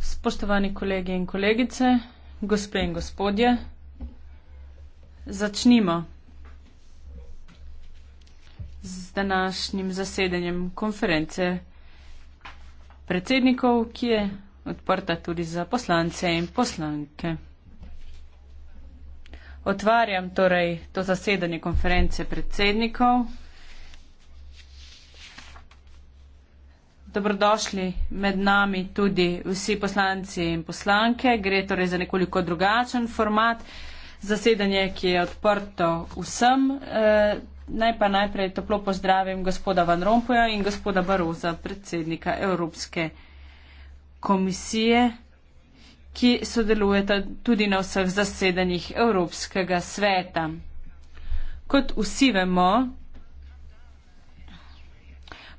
Spoštovani kolegi in kolegice, gospe in gospodje, začnimo z današnjim zasedanjem konference predsednikov, ki je odprta tudi za poslance in poslanke. Otvarjam torej to zasedanje konference predsednikov. Dobrodošli med nami tudi vsi poslanci in poslanke. Gre torej za nekoliko drugačen format zasedanje, ki je odprto vsem. E, naj pa najprej toplo pozdravim gospoda Van Rompuja in gospoda Baroza, predsednika Evropske komisije, ki sodelujeta tudi na vseh zasedanjih Evropskega sveta. Kot vsi vemo,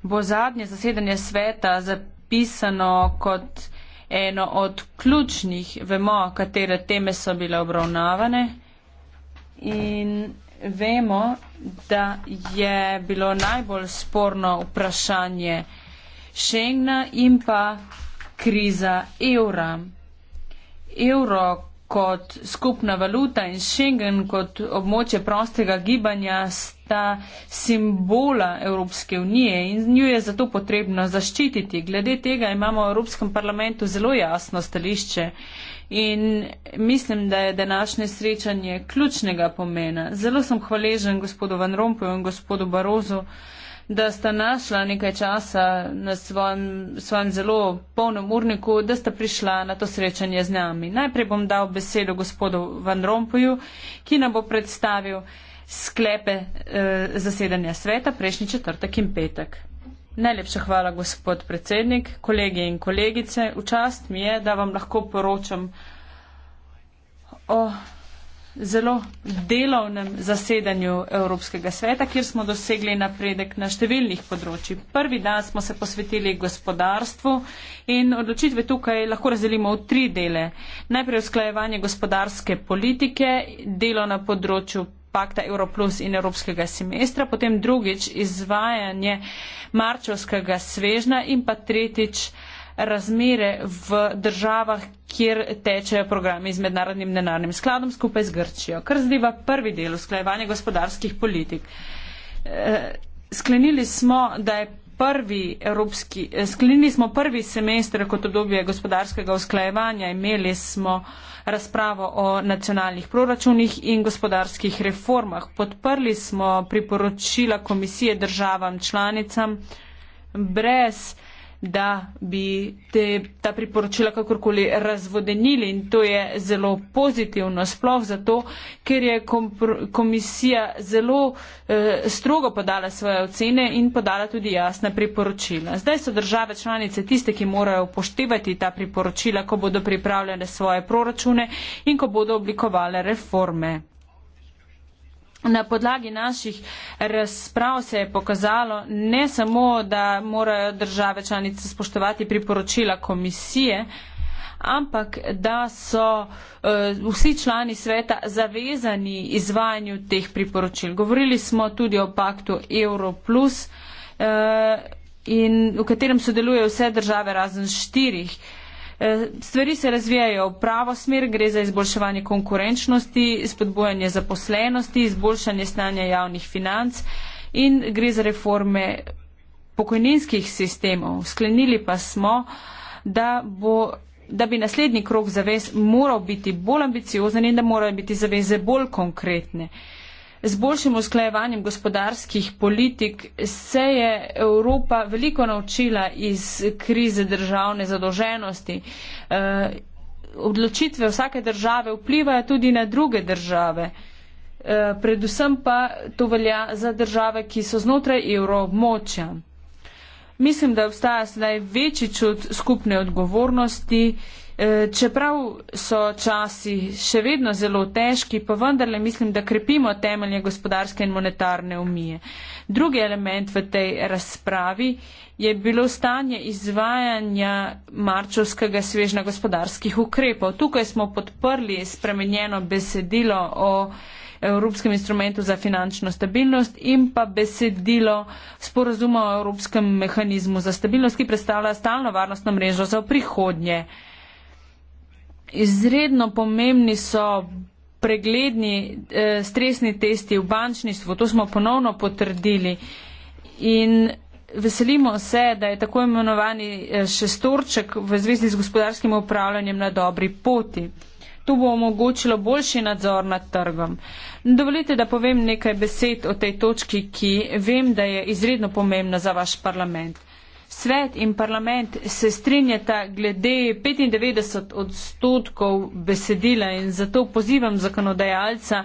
bo zadnje zasedanje sveta zapisano kot eno od ključnih, vemo, katere teme so bile obravnavane in vemo, da je bilo najbolj sporno vprašanje Schengna in pa kriza evra. Euro kot skupna valuta in Schengen kot območje prostega gibanja sta simbola Evropske unije in nju je zato potrebno zaščititi. Glede tega imamo v Evropskem parlamentu zelo jasno stališče in mislim, da je današnje srečanje ključnega pomena. Zelo sem hvaležen gospodu Van Rompuju in gospodu Barozu, da sta našla nekaj časa na svojem, svojem zelo polnem urniku, da sta prišla na to srečanje z nami. Najprej bom dal besedo gospodu Van Rompuju, ki nam bo predstavil sklepe eh, zasedanja sveta prejšnji četrtek in petek. Najlepša hvala, gospod predsednik, kolege in kolegice. V čast mi je, da vam lahko poročam o zelo delovnem zasedanju Evropskega sveta, kjer smo dosegli napredek na številnih področji. Prvi dan smo se posvetili gospodarstvu in odločitve tukaj lahko razdelimo v tri dele. Najprej usklajevanje gospodarske politike, delo na področju pakta Euro plus in Evropskega semestra, potem drugič izvajanje marčovskega svežna in pa tretjič razmere v državah, kjer tečejo programi z mednarodnim denarnim skladom skupaj z Grčijo, kar zdiva prvi del usklajevanja gospodarskih politik. Eh, sklenili smo, da je prvi evropski, eh, sklenili smo prvi semester kot obdobje gospodarskega usklajevanja, imeli smo razpravo o nacionalnih proračunih in gospodarskih reformah. Podprli smo priporočila komisije državam članicam brez da bi te, ta priporočila kakorkoli razvodenili in to je zelo pozitivno, sploh zato, ker je komisija zelo eh, strogo podala svoje ocene in podala tudi jasna priporočila. Zdaj so države članice tiste, ki morajo upoštevati ta priporočila, ko bodo pripravljene svoje proračune in ko bodo oblikovale reforme. Na podlagi naših razprav se je pokazalo ne samo, da morajo države članice spoštovati priporočila komisije, ampak da so uh, vsi člani sveta zavezani izvajanju teh priporočil. Govorili smo tudi o paktu Euro Plus, uh, in, v katerem sodelujejo vse države razen štirih. Uh, Eh, stvari se razvijajo v pravo smer, gre za izboljševanje konkurenčnosti, spodbojanje zaposlenosti, izboljšanje stanja javnih financ in gre za reforme pokojninskih sistemov. Sklenili pa smo, da, bo, da bi naslednji krok zavez moral biti bolj ambiciozen in da morajo biti zaveze bolj konkretne z boljšim usklajevanjem gospodarskih politik se je Evropa veliko naučila iz krize državne zadolženosti. Eh, odločitve vsake države vplivajo tudi na druge države. Eh, predvsem pa to velja za države, ki so znotraj evroobmočja. Mislim, da obstaja sedaj večji čut skupne odgovornosti, Eh, čeprav so časi še vedno zelo težki, pa vendarle mislim, da krepimo temelje gospodarske in monetarne unije. Drugi element v tej razpravi je bilo stanje izvajanja marčovskega svežna gospodarskih ukrepov. Tukaj smo podprli spremenjeno besedilo o Evropskem instrumentu za finančno stabilnost in pa besedilo sporozuma o Evropskem mehanizmu za stabilnost, ki predstavlja stalno varnostno mrežo za prihodnje izredno pomembni so pregledni eh, stresni testi v bančništvu, to smo ponovno potrdili in veselimo se, da je tako imenovani eh, šestorček v zvezi z gospodarskim upravljanjem na dobri poti. To bo omogočilo boljši nadzor nad trgom. Dovolite, da povem nekaj besed o tej točki, ki vem, da je izredno pomembna za vaš parlament svet in parlament se strinjata glede 95 odstotkov besedila in zato pozivam zakonodajalca,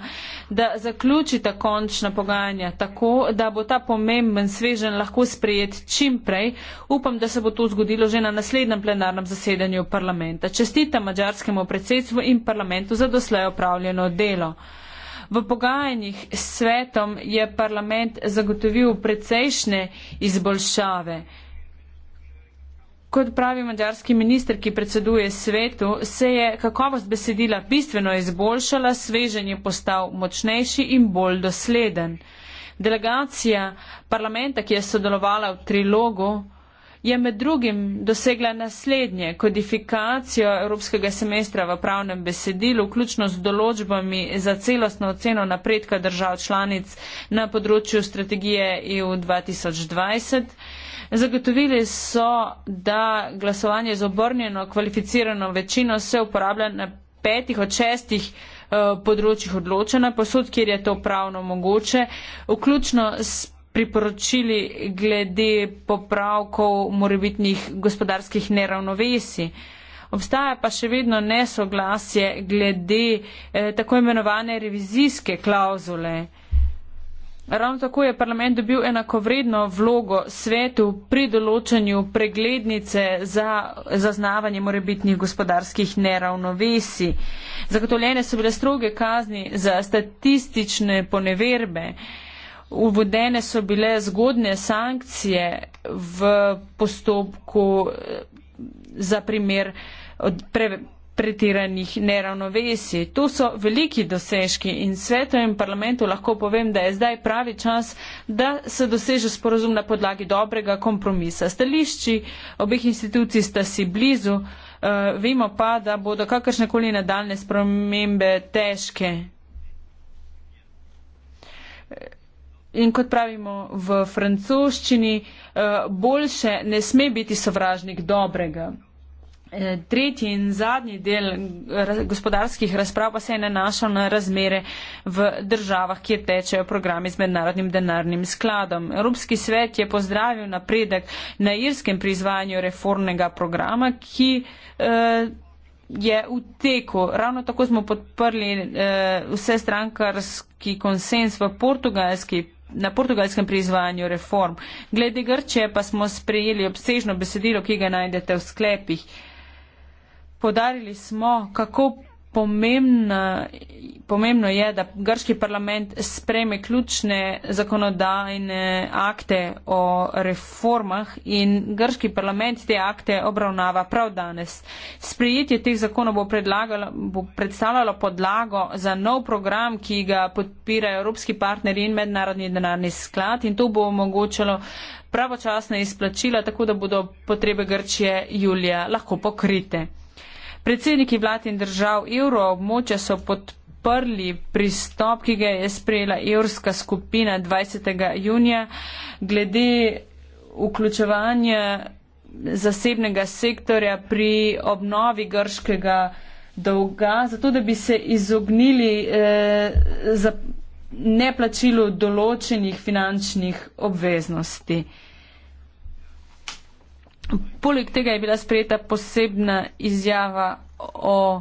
da zaključita končna pogajanja tako, da bo ta pomemben svežen lahko sprejet čim prej. Upam, da se bo to zgodilo že na naslednjem plenarnem zasedanju parlamenta. Čestita mađarskemu predsedstvu in parlamentu za doslej opravljeno delo. V pogajanjih s svetom je parlament zagotovil precejšnje izboljšave. Kot pravi mađarski minister, ki predseduje svetu, se je kakovost besedila bistveno izboljšala, svežen je postal močnejši in bolj dosleden. Delegacija parlamenta, ki je sodelovala v trilogu, je med drugim dosegla naslednje kodifikacijo Evropskega semestra v pravnem besedilu, vključno z določbami za celostno oceno napredka držav članic na področju strategije EU 2020. Zagotovili so, da glasovanje z obrnjeno kvalificirano večino se uporablja na petih od šestih eh, področjih odločena, posod, kjer je to pravno mogoče, vključno s priporočili glede popravkov morebitnih gospodarskih neravnovesij. Obstaja pa še vedno nesoglasje glede eh, tako imenovane revizijske klauzule. Ravno tako je parlament dobil enakovredno vlogo svetu pri določanju preglednice za zaznavanje morebitnih gospodarskih neravnovesij. Zagotovljene so bile stroge kazni za statistične poneverbe. Eh, uvodene so bile zgodne sankcije v postopku eh, za primer pre, pretiranih neravnovesij. To so veliki dosežki in svetu in parlamentu lahko povem, da je zdaj pravi čas, da se doseže sporozum na podlagi dobrega kompromisa. Stališči obeh institucij sta si blizu. Uh, vemo pa, da bodo kakršnekoli nadaljne spremembe težke In kot pravimo v francoščini, eh, boljše ne sme biti sovražnik dobrega. Eh, tretji in zadnji del eh, gospodarskih razprav pa se je nanašal na razmere v državah, kjer tečejo programi z mednarodnim denarnim skladom. Evropski svet je pozdravil napredek na irskem pri izvajanju reformnega programa, ki eh, je v teku. Ravno tako smo podprli eh, vse strankarski konsens v portugalski na portugalskem pri izvajanju reform. Glede Grče pa smo sprejeli obsežno besedilo, ki ga najdete v sklepih. Podarili smo, kako pomembna, pomembno je, da grški parlament spreme ključne zakonodajne akte o reformah in grški parlament te akte obravnava prav danes. Sprijetje teh zakonov bo, bo predstavljalo podlago za nov program, ki ga podpirajo evropski partneri in mednarodni denarni sklad in to bo omogočalo pravočasne izplačila, tako da bodo potrebe Grčije julija lahko pokrite. Predsedniki vlad in držav evroobmoča so podprli pristop, ki ga je sprejela evropska skupina 20. junija glede vključevanja zasebnega sektorja pri obnovi grškega dolga, zato da bi se izognili eh, neplačilu določenih finančnih obveznosti. Poleg tega je bila sprejeta posebna izjava o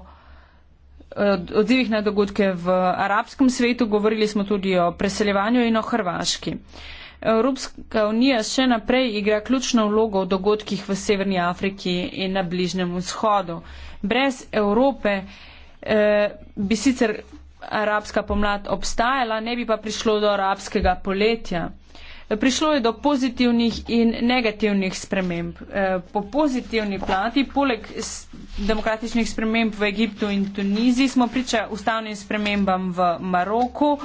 odzivih na dogodke v arabskem svetu, govorili smo tudi o preseljevanju in o Hrvaški. Evropska unija še naprej igra ključno vlogo v dogodkih v Severni Afriki in na Bližnjem vzhodu. Brez Evrope eh, bi sicer arabska pomlad obstajala, ne bi pa prišlo do arabskega poletja prišlo je do pozitivnih in negativnih sprememb. Eh, po pozitivni plati, poleg demokratičnih sprememb v Egiptu in Tuniziji, smo priča ustavnim spremembam v Maroku.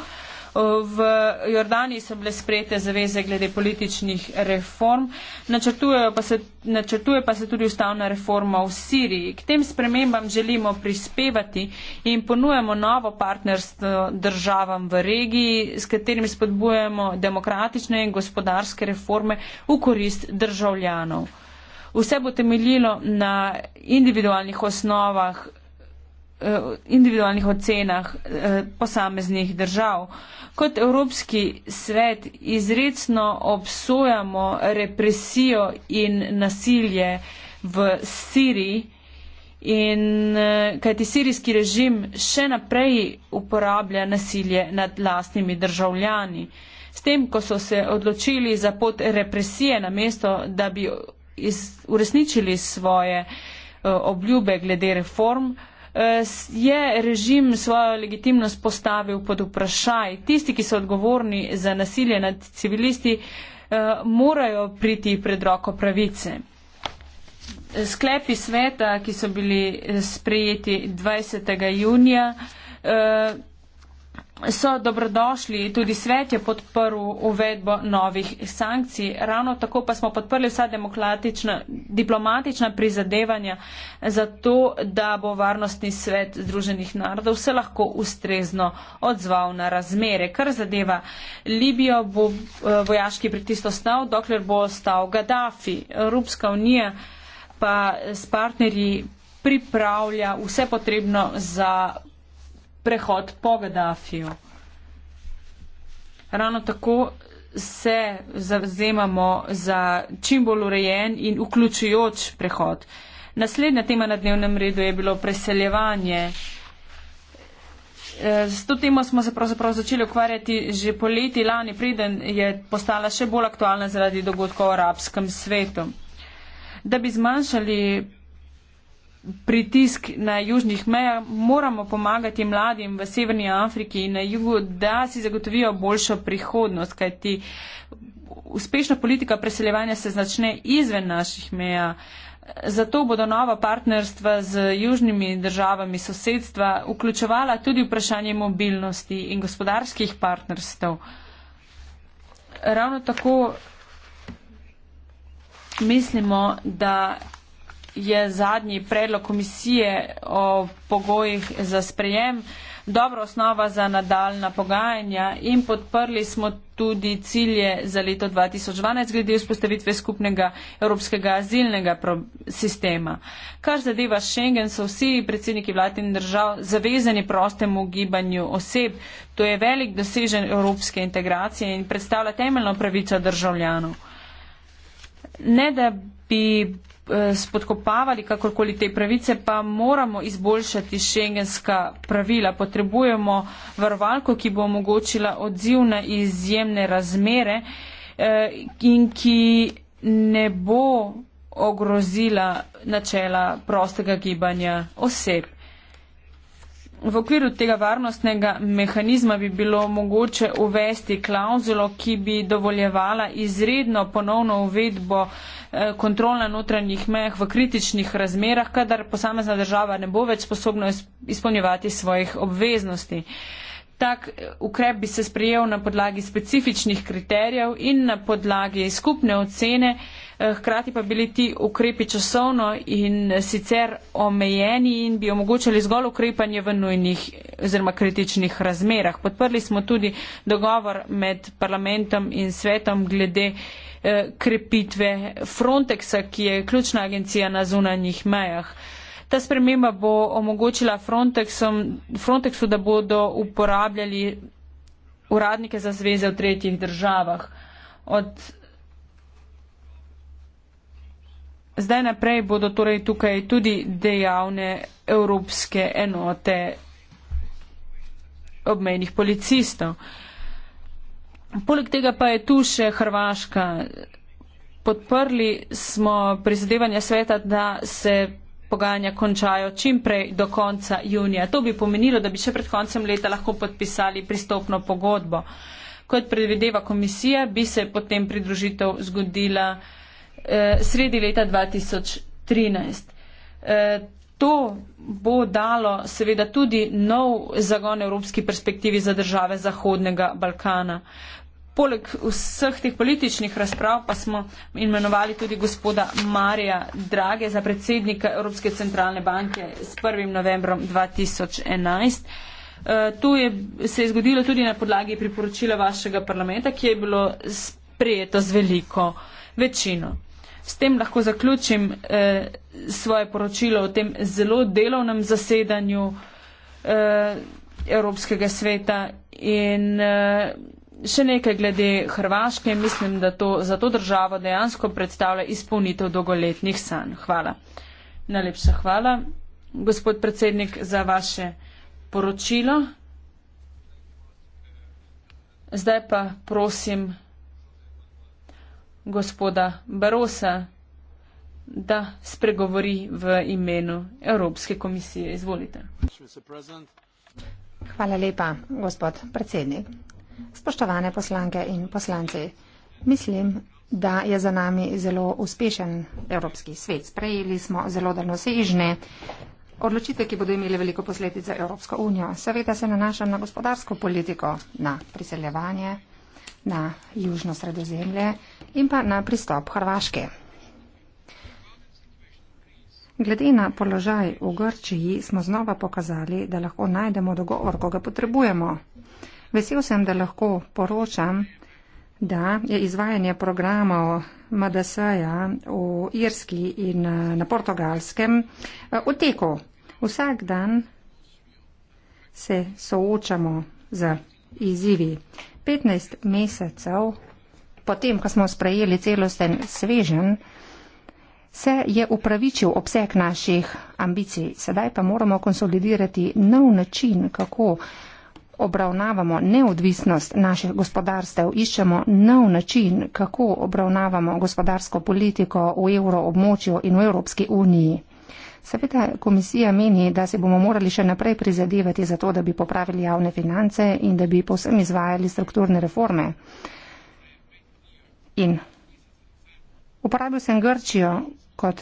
V Jordaniji so bile sprejete zaveze glede političnih reform, načrtujejo pa se. Načrtuje pa se tudi ustavna reforma v Siriji. K tem spremembam želimo prispevati in ponujemo novo partnerstvo državam v regiji, s katerim spodbujemo demokratične in gospodarske reforme v korist državljanov. Vse bo temeljilo na individualnih osnovah Eh, individualnih ocenah eh, posameznih držav. Kot Evropski svet izredno obsojamo represijo in nasilje v Siriji, in eh, kajti sirijski režim še naprej uporablja nasilje nad lastnimi državljani. S tem, ko so se odločili za pot represije na mesto, da bi iz, uresničili svoje uh, obljube glede reform, uh, Eh, je režim svojo legitimnost postavil pod vprašaj. Tisti, ki so odgovorni za nasilje nad civilisti, eh, morajo priti pred roko pravice. Sklepi sveta, ki so bili eh, sprejeti 20. junija, so dobrodošli, tudi svet je podprl uvedbo novih sankcij. Ravno tako pa smo podprli vsa diplomatična prizadevanja za to, da bo varnostni svet Združenih narodov vse lahko ustrezno odzval na razmere. Kar zadeva Libijo, bo eh, vojaški pritisk ostal, dokler bo ostal Gaddafi. Evropska unija pa s partnerji pripravlja vse potrebno za prehod po Gaddafiju. Ravno tako se zavzemamo za čim bolj urejen in vključujoč prehod. Naslednja tema na dnevnem redu je bilo preseljevanje. E, s to temo smo se pravzaprav začeli ukvarjati že poleti lani, preden je postala še bolj aktualna zaradi dogodkov v arabskem svetu. Da bi zmanjšali pritisk na južnih mejah, moramo pomagati mladim v Severni Afriki in na jugu, da si zagotovijo boljšo prihodnost, kajti uspešna politika preseljevanja se začne izven naših meja. Zato bodo nova partnerstva z južnimi državami sosedstva vključevala tudi vprašanje mobilnosti in gospodarskih partnerstv. Ravno tako mislimo, da je zadnji predlog komisije o pogojih za sprejem dobra osnova za nadaljna pogajanja in podprli smo tudi cilje za leto 2012 glede vzpostavitve skupnega evropskega azilnega sistema. Kar zadeva Schengen, so vsi predsedniki vlad in držav zavezani prostemu gibanju oseb. To je velik dosežen evropske integracije in predstavlja temeljno pravico državljanov. Ne da bi Eh, spodkopavali kakorkoli te pravice, pa moramo izboljšati šengenska pravila. Potrebujemo varovalko, ki bo omogočila odziv na izjemne razmere eh, in ki ne bo ogrozila načela prostega gibanja oseb. V okviru tega varnostnega mehanizma bi bilo mogoče uvesti klauzulo, ki bi dovoljevala izredno ponovno uvedbo Eh, kontrol na notranjih mejah v kritičnih razmerah, kadar posamezna država ne bo več sposobna izpolnjevati svojih obveznosti. Tak eh, ukrep bi se sprejel na podlagi specifičnih kriterijev in na podlagi skupne ocene, eh, hkrati pa bili ti ukrepi časovno in sicer omejeni in bi omogočali zgolj ukrepanje v nujnih oziroma kritičnih razmerah. Podprli smo tudi dogovor med parlamentom in svetom glede Eh, krepitve Frontexa, ki je ključna agencija na zunanjih mejah. Ta sprememba bo omogočila Frontexom, Frontexu, da bodo uporabljali uradnike za zveze v tretjih državah. Od zdaj naprej bodo torej tukaj tudi dejavne evropske enote obmejnih policistov. Uh, Poleg tega pa je tu še Hrvaška. Podprli smo prizadevanja sveta, da se pogajanja končajo čim prej do konca junija. To bi pomenilo, da bi še pred koncem leta lahko podpisali pristopno pogodbo. Kot predvideva komisija, bi se potem pridružitev zgodila eh, sredi leta 2013. Eh, To bo dalo seveda tudi nov zagon evropski perspektivi za države Zahodnega Balkana poleg vseh teh političnih razprav pa smo imenovali tudi gospoda Marija Drage za predsednika Evropske centralne banke s 1. novembrom 2011. Eh, tu je, se je zgodilo tudi na podlagi priporočila vašega parlamenta, ki je bilo sprejeto z veliko večino. S tem lahko zaključim eh, svoje poročilo o tem zelo delovnem zasedanju eh, Evropskega sveta in eh, Še nekaj glede Hrvaške. Mislim, da to za to državo dejansko predstavlja izpolnitev dolgoletnih sanj. Hvala. Najlepša hvala, gospod predsednik, za vaše poročilo. Zdaj pa prosim gospoda Barosa, da spregovori v imenu Evropske komisije. Izvolite. Hvala lepa, gospod predsednik. Spoštovane poslanke in poslanci, mislim, da je za nami zelo uspešen evropski svet. Sprejeli smo zelo daljnosežne odločitve, ki bodo imele veliko posledic za Evropsko unijo. Seveda se nanašam na gospodarsko politiko, na priseljevanje, na južno sredozemlje in pa na pristop Hrvaške. Glede na položaj v Grčiji smo znova pokazali, da lahko najdemo dogovor, ko ga potrebujemo. Vesel sem, da lahko poročam, da je izvajanje programov MDS-ja v Irski in eh, na Portugalskem eh, v teku. Vsak dan se soočamo z izzivi. 15 mesecev potem, ko smo sprejeli celosten svežen, se je upravičil obseg naših ambicij. Sedaj pa moramo konsolidirati nov način, kako uh, obravnavamo neodvisnost naših gospodarstev, iščemo nov način, kako obravnavamo gospodarsko politiko v evroobmočju in v Evropski uniji. Seveda komisija meni, da se bomo morali še naprej prizadevati za to, da bi popravili javne finance in da bi povsem izvajali strukturne reforme. In uporabil sem Grčijo kot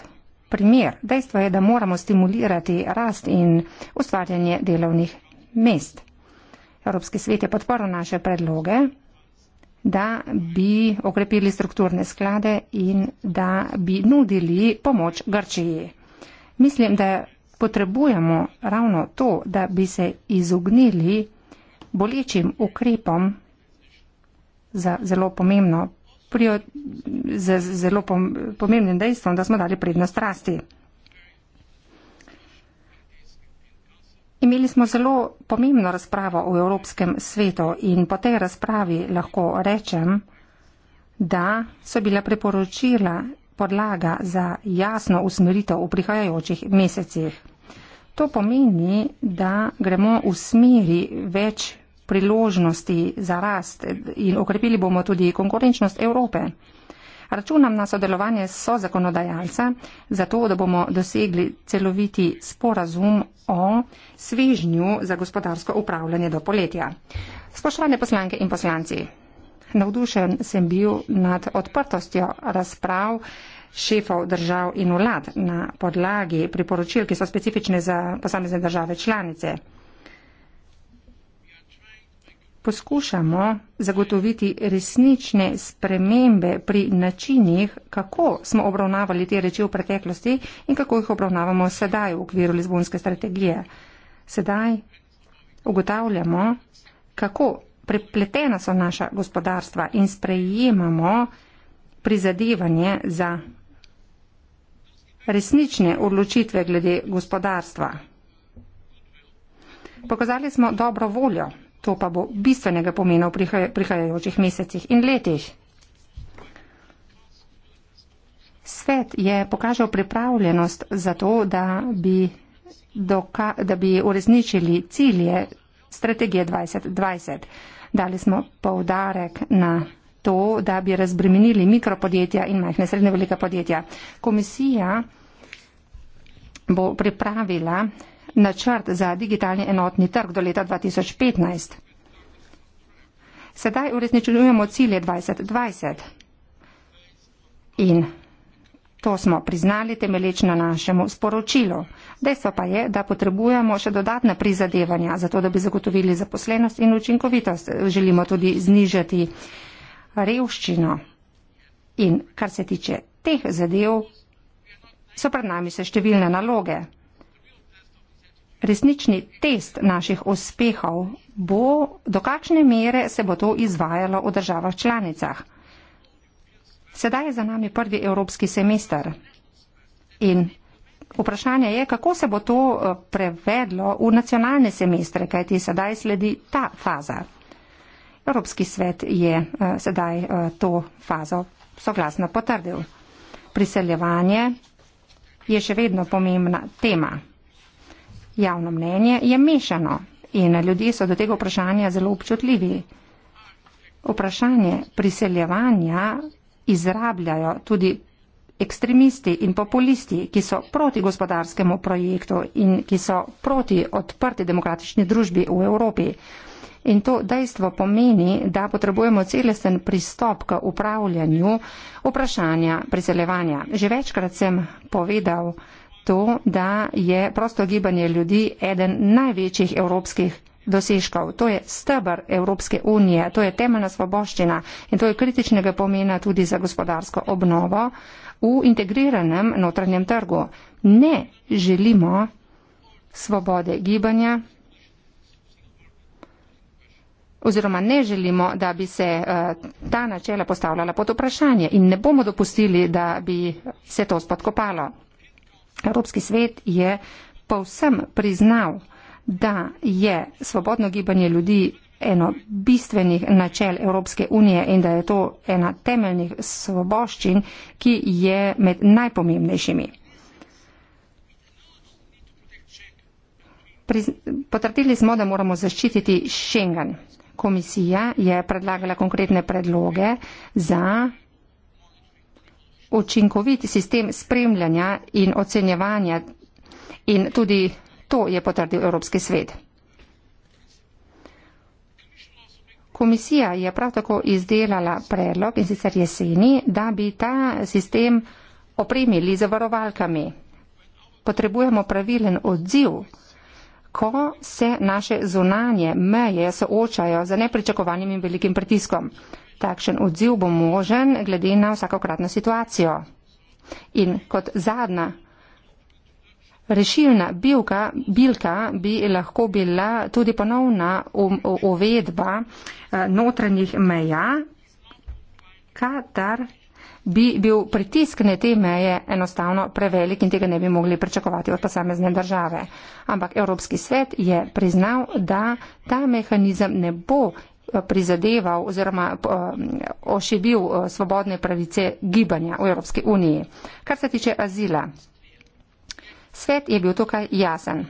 primer. Dejstvo je, da moramo stimulirati rast in ustvarjanje delovnih mest. Evropski svet je podporil naše predloge, da bi okrepili strukturne sklade in da bi nudili pomoč Grčiji. Mislim, da potrebujemo ravno to, da bi se izognili bolečim ukrepom za zelo pomembno, za zelo pomembnim dejstvom, da smo dali prednost rasti. Imeli smo zelo pomembno razpravo v Evropskem svetu in po tej razpravi lahko rečem, da so bila priporočila podlaga za jasno usmeritev v prihajajočih mesecih. To pomeni, da gremo v smeri več priložnosti za rast in okrepili bomo tudi konkurenčnost Evrope. Računam na sodelovanje so zakonodajalca, zato da bomo dosegli celoviti sporazum o svežnju za gospodarsko upravljanje do poletja. Spoštovane poslanke in poslanci, navdušen sem bil nad odprtostjo razprav šefov držav in vlad na podlagi priporočil, ki so specifične za posamezne države članice poskušamo zagotoviti resnične spremembe pri načinih, kako smo obravnavali te reči v preteklosti in kako jih obravnavamo sedaj v okviru Lizbonske strategije. Sedaj ugotavljamo, kako prepletena so naša gospodarstva in sprejemamo prizadevanje za resnične odločitve glede gospodarstva. Pokazali smo dobro voljo. To pa bo bistvenega pomena v prihajajočih mesecih in letih. Svet je pokazal pripravljenost za to, da bi, doka, da bi urezničili cilje strategije 2020. Dali smo povdarek na to, da bi razbremenili mikropodjetja in majhne srednje velika podjetja. Komisija bo pripravila načrt za digitalni enotni trg do leta 2015. Sedaj uresničujemo cilje 2020 in to smo priznali temeleč na našemu sporočilu. Dejstvo pa je, da potrebujemo še dodatne prizadevanja, zato da bi zagotovili zaposlenost in učinkovitost. Želimo tudi znižati revščino. In kar se tiče teh zadev, so pred nami se številne naloge resnični test naših uspehov bo, do kakšne mere se bo to izvajalo v državah članicah. Sedaj je za nami prvi evropski semester in vprašanje je, kako se bo to eh, prevedlo v nacionalne semestre, kajti sedaj sledi ta faza. Evropski svet je eh, sedaj eh, to fazo soglasno potrdil. Priseljevanje je še vedno pomembna tema. Javno mnenje je mešano in ljudje so do tega vprašanja zelo občutljivi. Vprašanje priseljevanja izrabljajo tudi ekstremisti in populisti, ki so proti gospodarskemu projektu in ki so proti odprti demokratični družbi v Evropi. In to dejstvo pomeni, da potrebujemo celesten pristop k upravljanju vprašanja priseljevanja. Že večkrat sem povedal, to, da je prosto gibanje ljudi eden največjih evropskih dosežkov. To je stebr Evropske unije, to je temeljna svoboščina in to je kritičnega pomena tudi za gospodarsko obnovo v integriranem notranjem trgu. Ne želimo svobode gibanja oziroma ne želimo, da bi se eh, ta načela postavljala pod vprašanje in ne bomo dopustili, da bi se to spodkopalo. Evropski svet je povsem priznal, da je svobodno gibanje ljudi eno bistvenih načel Evropske unije in da je to ena temeljnih svoboščin, ki je med najpomembnejšimi. Potrdili smo, da moramo zaščititi Schengen. Komisija je predlagala konkretne predloge za učinkovit sistem spremljanja in ocenjevanja in tudi to je potrdil Evropski svet. Komisija je prav tako izdelala predlog in sicer jeseni, da bi ta sistem opremili z varovalkami. Potrebujemo pravilen odziv, ko se naše zunanje meje soočajo z nepričakovanim in velikim pritiskom. Takšen odziv bo možen glede na vsakokratno situacijo. In kot zadnja rešilna bilka, bilka bi lahko bila tudi ponovna um, uvedba eh, notranjih meja, katar bi bil pritisk na te meje enostavno prevelik in tega ne bi mogli pričakovati od posamezne države. Ampak Evropski svet je priznal, da ta mehanizem ne bo prizadeval oziroma eh, ošibil eh, svobodne pravice gibanja v Evropski uniji. Kar se tiče azila, svet je bil tukaj jasen.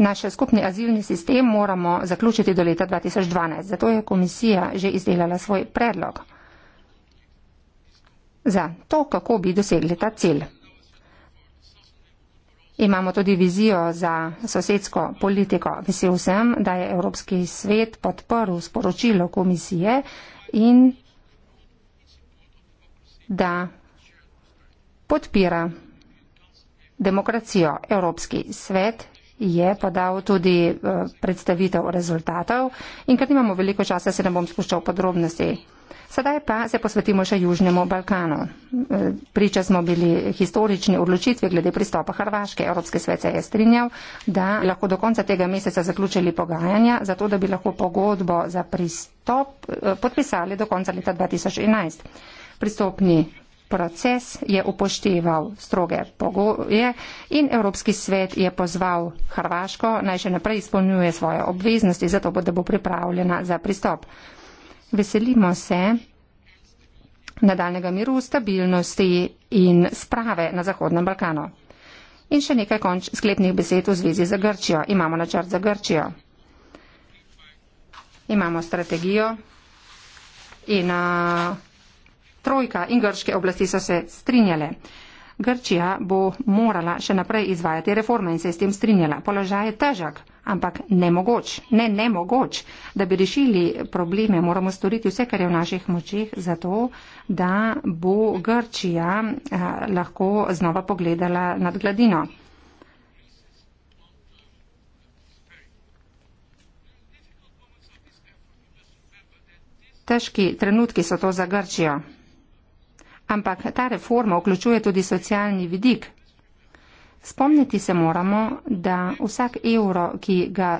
Naš skupni azilni sistem moramo zaključiti do leta 2012, zato je komisija že izdelala svoj predlog za to, kako bi dosegli ta cilj. Imamo tudi vizijo za sosedsko politiko. Vesel sem, da je Evropski svet podprl sporočilo komisije in da podpira demokracijo. Evropski svet je podal tudi eh, predstavitev rezultatov in ker imamo veliko časa, se ne bom spuščal v podrobnosti. Sedaj pa se posvetimo še Južnemu Balkanu. E, priča smo bili historični odločitvi glede pristopa Hrvaške. Evropski svet se je strinjal, da lahko do konca tega meseca zaključili pogajanja, zato da bi lahko pogodbo za pristop e, podpisali do konca leta 2011. Pristopni proces je upošteval stroge pogoje in Evropski svet je pozval Hrvaško naj še naprej izpolnjuje svoje obveznosti, zato bo, da bo pripravljena za pristop. Veselimo se nadaljnega miru, stabilnosti in sprave na Zahodnem Balkanu. In še nekaj konč sklepnih besed v zvezi za Grčijo. Imamo načrt za Grčijo. Imamo strategijo in a, trojka in grške oblasti so se strinjale. Grčija bo morala še naprej izvajati reforme in se je s tem strinjala. Položaj je težak, ampak nemogoč, ne nemogoč, da bi rešili probleme, moramo storiti vse, kar je v naših močeh, zato da bo Grčija eh, lahko znova pogledala nad gladino. Težki trenutki so to za Grčijo. Ampak ta reforma vključuje tudi socialni vidik. Spomniti se moramo, da vsak evro, ki ga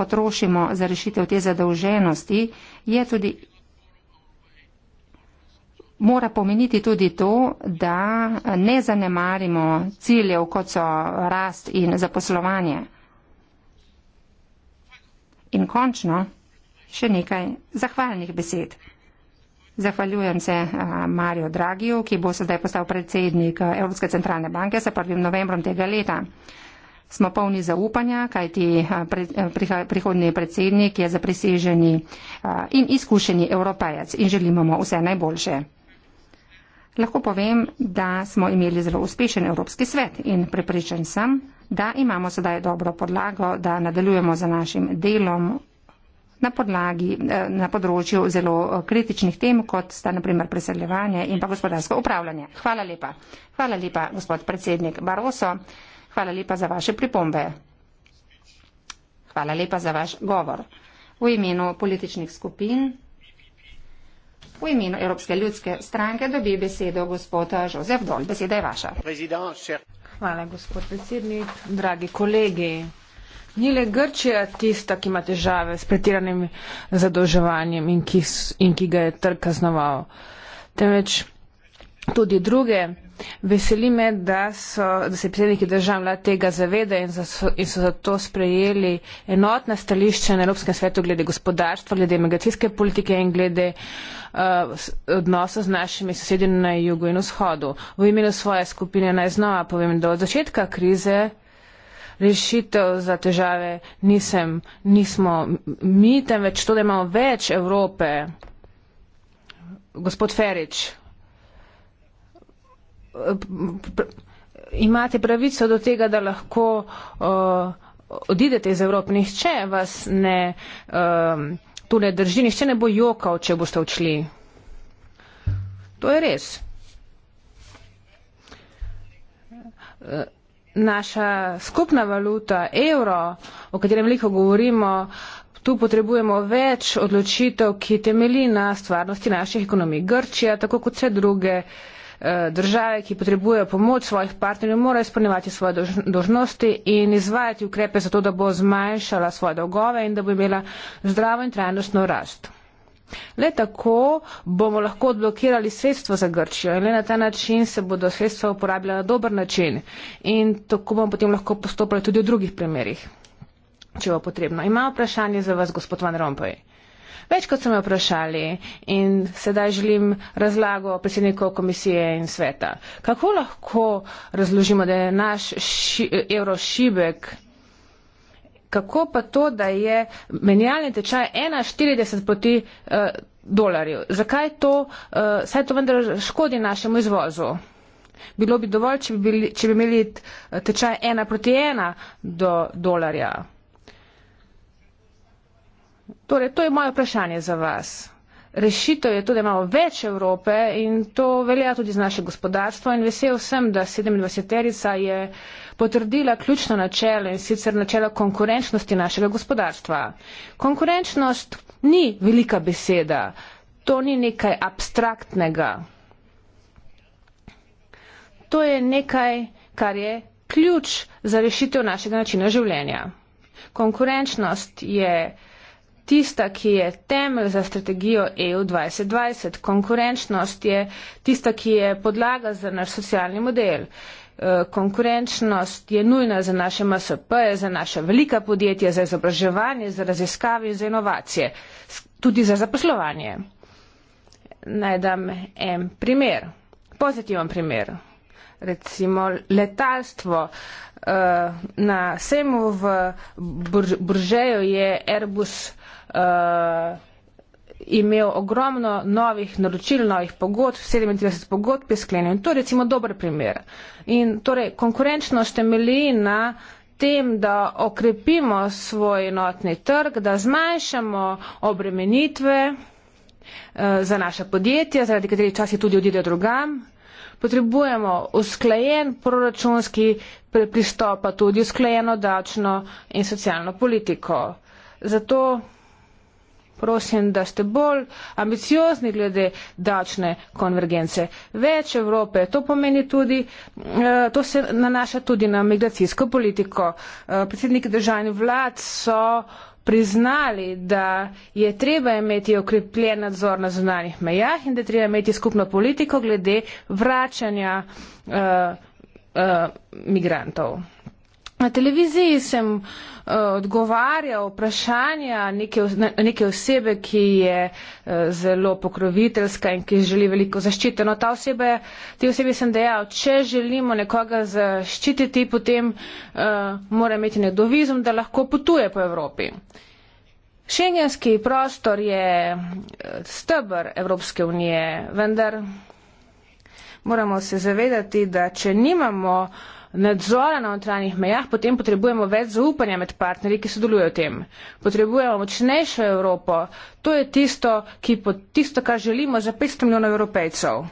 potrošimo za rešitev te zadolženosti, je tudi. Mora pomeniti tudi to, da ne zanemarimo ciljev, kot so rast in zaposlovanje. In končno, še nekaj zahvalnih besed. Zahvaljujem se Mario Dragiju, ki bo sedaj postal predsednik Evropske centralne banke sa 1. novembrom tega leta. Smo polni zaupanja, kajti prihodni predsednik je zapriseženi in izkušeni evropejec in želimo mu vse najboljše. Lahko povem, da smo imeli zelo uspešen Evropski svet in prepričan sem, da imamo sedaj dobro podlago, da nadaljujemo za našim delom na, podlagi, eh, na področju zelo eh, kritičnih tem, kot sta naprimer preseljevanje in pa gospodarsko upravljanje. Hvala lepa. Hvala lepa, gospod predsednik Baroso. Hvala lepa za vaše pripombe. Hvala lepa za vaš govor. V imenu političnih skupin, v imenu Evropske ljudske stranke dobi besedo gospod Žozef eh, Dol. Beseda je vaša. Hvala, gospod predsednik. Dragi kolegi. Ni le Grčija tista, ki ima težave s pretiranim zadolževanjem in ki, in ki ga je trg kaznoval, temveč tudi druge. Veseli me, da, so, da se predsedniki držav vlad tega zaveda in, za, in so zato sprejeli enotna stališča na Evropskem svetu glede gospodarstva, glede migracijske politike in glede uh, odnosa z našimi sosedi na jugu in vzhodu. V imenu svoje skupine naj znova povem, da od začetka krize rešitev za težave nisem, nismo mi, temveč to, da imamo več Evrope. Gospod Ferič, imate pravico do tega, da lahko uh, odidete iz Evrope. Nihče vas ne, uh, um, tu ne drži, nihče ne bo jokal, če boste odšli. To je res. Uh, naša skupna valuta, evro, o katerem veliko govorimo, tu potrebujemo več odločitev, ki temeli na stvarnosti naših ekonomij. Grčija, tako kot vse druge eh, države, ki potrebujejo pomoč svojih partnerjev, morajo izpolnjevati svoje dožnosti in izvajati ukrepe za to, da bo zmanjšala svoje dolgove in da bo imela zdravo in trajnostno rast. Le tako bomo lahko odblokirali sredstvo za Grčijo in le na ta način se bodo sredstva uporabljala na dober način in tako bomo potem lahko postopali tudi v drugih primerih, če bo potrebno. Ima vprašanje za vas, gospod Van Rompuy. Več kot so me vprašali in sedaj želim razlago predsednikov komisije in sveta. Kako lahko razložimo, da je naš ši, evro šibek kako pa to, da je menjalni tečaj 1,40 poti uh, eh, dolarjev? Zakaj to, uh, saj to vendar škodi našemu izvozu? Bilo bi dovolj, če bi, bili, če bi imeli eh, tečaj 1 proti 1 do dolarja. Torej, to je moje vprašanje za vas. Rešitev je to, da imamo več Evrope in to velja tudi za naše gospodarstvo in vesel sem, da 27. je uh, potrdila ključno načelo in sicer načelo konkurenčnosti našega gospodarstva. Konkurenčnost ni velika beseda, to ni nekaj abstraktnega. To je nekaj, kar je ključ za rešitev našega načina življenja. Konkurenčnost je tista, ki je temelj za strategijo EU 2020. Konkurenčnost je tista, ki je podlaga za naš socialni model. Eh, konkurenčnost je nujna za naše MSP-je, za naša velika podjetja, za izobraževanje, za raziskave in za inovacije, tudi za zaposlovanje. Naj dam en primer, pozitiven primer. Recimo letalstvo. Eh, na sejmu v Buržeju je Airbus eh, imel ogromno novih naročil, novih pogodb, 37 pogodb je sklenil. In to je recimo dober primer. In torej konkurenčnost temelji na tem, da okrepimo svoj enotni trg, da zmanjšamo obremenitve eh, za naše podjetja, zaradi katerih časi tudi odide drugam. Potrebujemo usklajen proračunski pristop, pa tudi usklajeno davčno in socialno politiko. Zato prosim, da ste bolj ambiciozni glede dačne konvergence. Več Evrope, to pomeni tudi, eh, to se nanaša tudi na migracijsko politiko. Eh, predsedniki državnih vlad so priznali, da je treba imeti okrepljen nadzor na zunanjih mejah in da je treba imeti skupno politiko glede vračanja uh, uh, migrantov. Na televiziji sem uh, odgovarjal vprašanja neke, na, neke osebe, ki je uh, zelo pokroviteljska in ki želi veliko zaščite. No, osebe, te osebe sem dejal, če želimo nekoga zaščititi, potem uh, mora imeti nekdo vizum, da lahko potuje po Evropi. Šengenski prostor je uh, stebr Evropske unije, vendar moramo se zavedati, da če nimamo uh, nadzora na notranjih mejah, potem potrebujemo več zaupanja med partnerji, ki sodelujejo v tem. Potrebujemo močnejšo Evropo. To je tisto, po, tisto kar želimo za 500 milijonov evropejcev.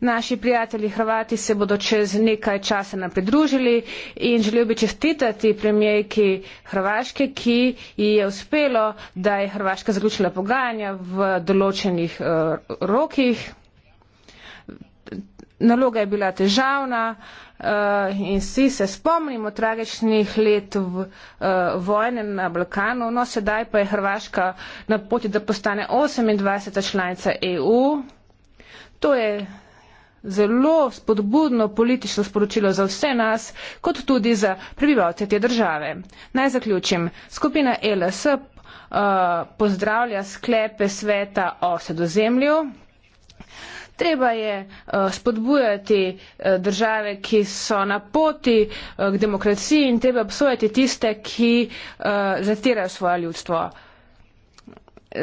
Naši prijatelji Hrvati se bodo čez nekaj časa nam pridružili in želel bi čestitati premijerki Hrvaške, ki ji je uspelo, da je Hrvaška zaključila pogajanja v določenih uh, rokih naloga je bila težavna eh, in vsi se spomnimo tragičnih let v, eh, vojne na Balkanu, no sedaj pa je Hrvaška na poti, da postane 28. članica EU. To je zelo spodbudno politično sporočilo za vse nas, kot tudi za prebivalce te države. Naj zaključim. Skupina e LSP Uh, eh, pozdravlja sklepe sveta o sredozemlju. Treba je eh, spodbujati eh, države, ki so na poti eh, k demokraciji in treba obsojati tiste, ki zatirajo svoje ljudstvo.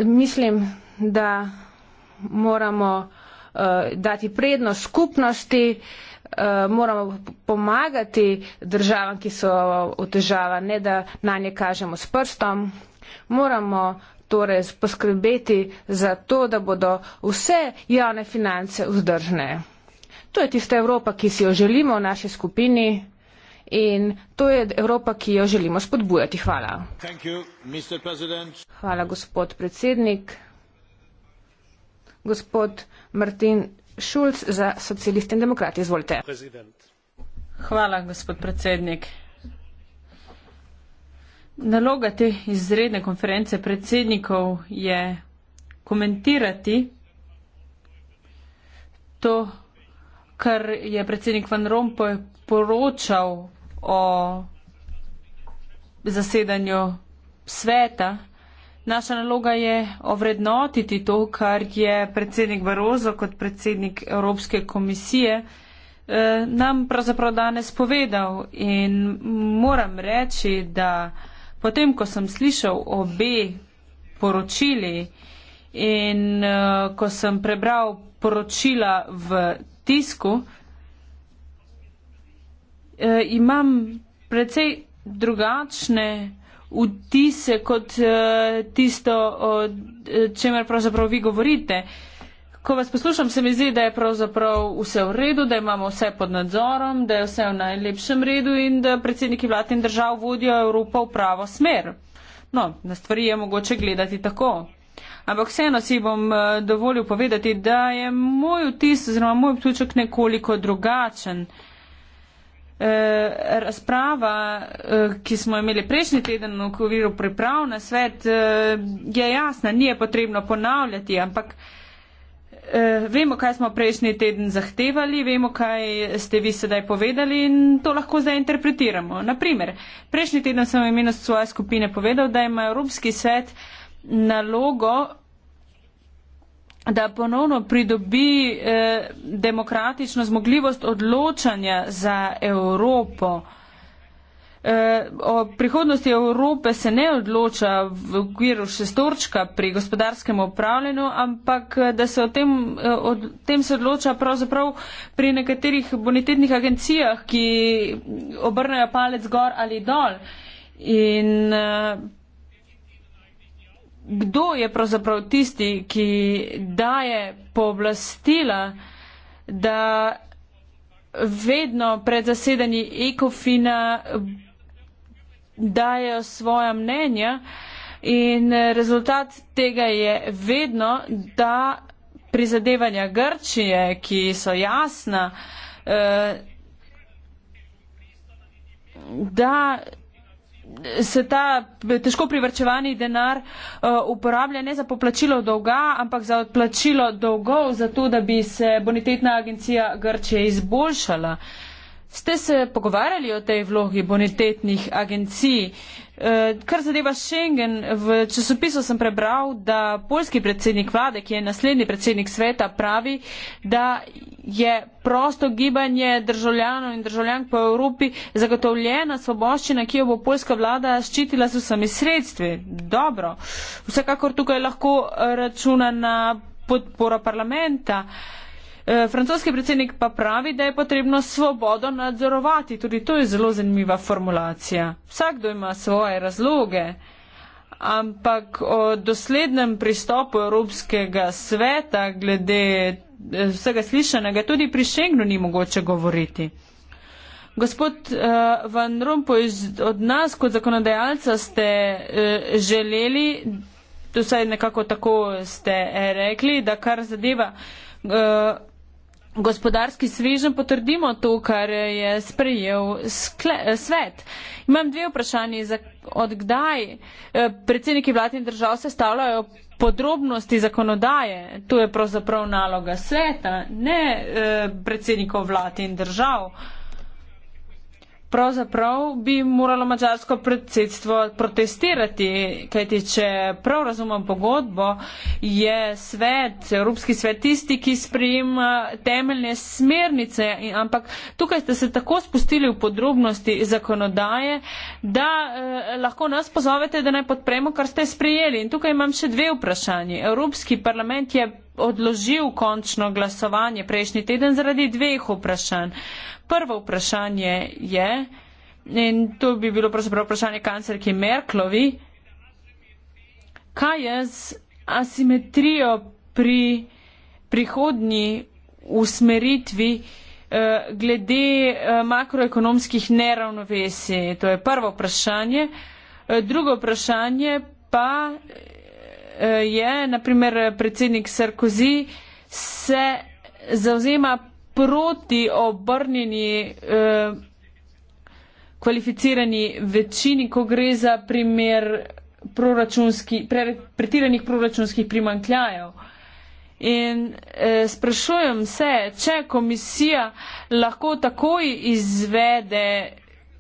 Mislim, da moramo dati prednost skupnosti, moramo pomagati državam, ki so v težavah, ne da na nje kažemo s prstom. Moramo uh, torej poskrbeti za to, da bodo vse javne finance vzdržne. To je tista Evropa, ki si jo želimo v naši skupini in to je Evropa, ki jo želimo spodbujati. Hvala. You, Hvala, gospod predsednik. Gospod Martin Šulc za socialiste in demokrati. Izvolite. President. Hvala, gospod predsednik. Naloga te izredne konference predsednikov je komentirati to, kar je predsednik Van Rompuy poročal o zasedanju sveta. Naša naloga je ovrednotiti to, kar je predsednik Barozo kot predsednik Evropske komisije eh, nam pravzaprav danes povedal. In moram reči, da Potem, ko sem slišal obe poročili in uh, ko sem prebral poročila v tisku, uh, imam precej drugačne vtise kot uh, tisto, o čemer pravzaprav vi govorite. Uh, ko vas poslušam, se mi zdi, da je pravzaprav vse v redu, da imamo vse pod nadzorom, da je vse v najlepšem redu in da predsedniki vlad in držav vodijo Evropo v pravo smer. No, na stvari je mogoče gledati tako. Ampak vseeno si bom eh, dovolil povedati, da je moj vtis oziroma moj občutek nekoliko drugačen. E, razprava, eh, ki smo imeli prejšnji teden v okviru priprav na svet, je jasna, nije potrebno ponavljati, ampak. Uh, vemo, kaj smo prejšnji teden zahtevali, vemo, kaj ste vi sedaj povedali in to lahko zdaj interpretiramo. Naprimer, prejšnji teden sem v imenu svoje skupine povedal, da ima Evropski svet nalogo, da ponovno pridobi uh, demokratično zmogljivost odločanja za Evropo. Uh, Eh, o prihodnosti Evrope se ne odloča v okviru šestorčka pri gospodarskem upravljanju, ampak eh, da se o tem, eh, o tem se odloča pravzaprav pri nekaterih bonitetnih agencijah, ki obrnejo palec gor ali dol. In kdo je pravzaprav tisti, ki daje pooblastila, da vedno pred zasedanji ekofina dajo svoja mnenja in eh, rezultat tega je vedno, da prizadevanja Grčije, ki so jasna, eh, da se ta težko privrčevani denar eh, uporablja ne za poplačilo dolga, ampak za odplačilo dolgov, zato da bi se bonitetna agencija Grčije izboljšala. Ste se pogovarjali o tej vlogi bonitetnih agencij? E, kar zadeva Schengen, v časopisu sem prebral, da polski predsednik vlade, ki je naslednji predsednik sveta, pravi, da je prosto gibanje državljanov in državljank po Evropi zagotovljena svoboščina, ki jo bo polska vlada ščitila z vsemi sredstvi. Dobro, vsekakor tukaj lahko računa na podporo parlamenta. E, francoski predsednik pa pravi, da je potrebno svobodo nadzorovati. Tudi to je zelo zanimiva formulacija. Vsakdo ima svoje razloge. Ampak o doslednem pristopu Evropskega sveta glede eh, vsega slišanega tudi pri Schengenu ni mogoče govoriti. Gospod eh, Van Rompuy, od nas kot zakonodajalca ste želeli, vsaj nekako tako ste rekli, da kar zadeva gospodarski svežen potrdimo to, kar je sprejel eh, svet. Imam dve vprašanje, odkdaj eh, predsedniki vladnih držav se stavljajo podrobnosti zakonodaje. To je pravzaprav naloga sveta, ne eh, predsednikov vladnih držav pravzaprav bi moralo mačarsko predsedstvo protestirati, kajti če prav razumem pogodbo, je svet, Evropski svet tisti, ki sprejema temeljne smernice, ampak tukaj ste se tako spustili v podrobnosti zakonodaje, da eh, lahko nas pozovete, da naj podpremo, kar ste sprejeli. In tukaj imam še dve vprašanje. Evropski parlament je odložil končno glasovanje prejšnji teden zaradi dveh vprašanj. Prvo vprašanje je, in to bi bilo pravzaprav vprašanje kancelarke Merklovi, kaj je z asimetrijo pri prihodnji usmeritvi eh, glede eh, makroekonomskih neravnovesij. To je prvo vprašanje. Eh, drugo vprašanje pa je, naprimer, predsednik Sarkozy se zauzema proti obrnjeni eh, kvalificirani večini, ko gre za primer proračunski, pre, pretiranih proračunskih primankljajev. In eh, sprašujem se, če komisija lahko takoj izvede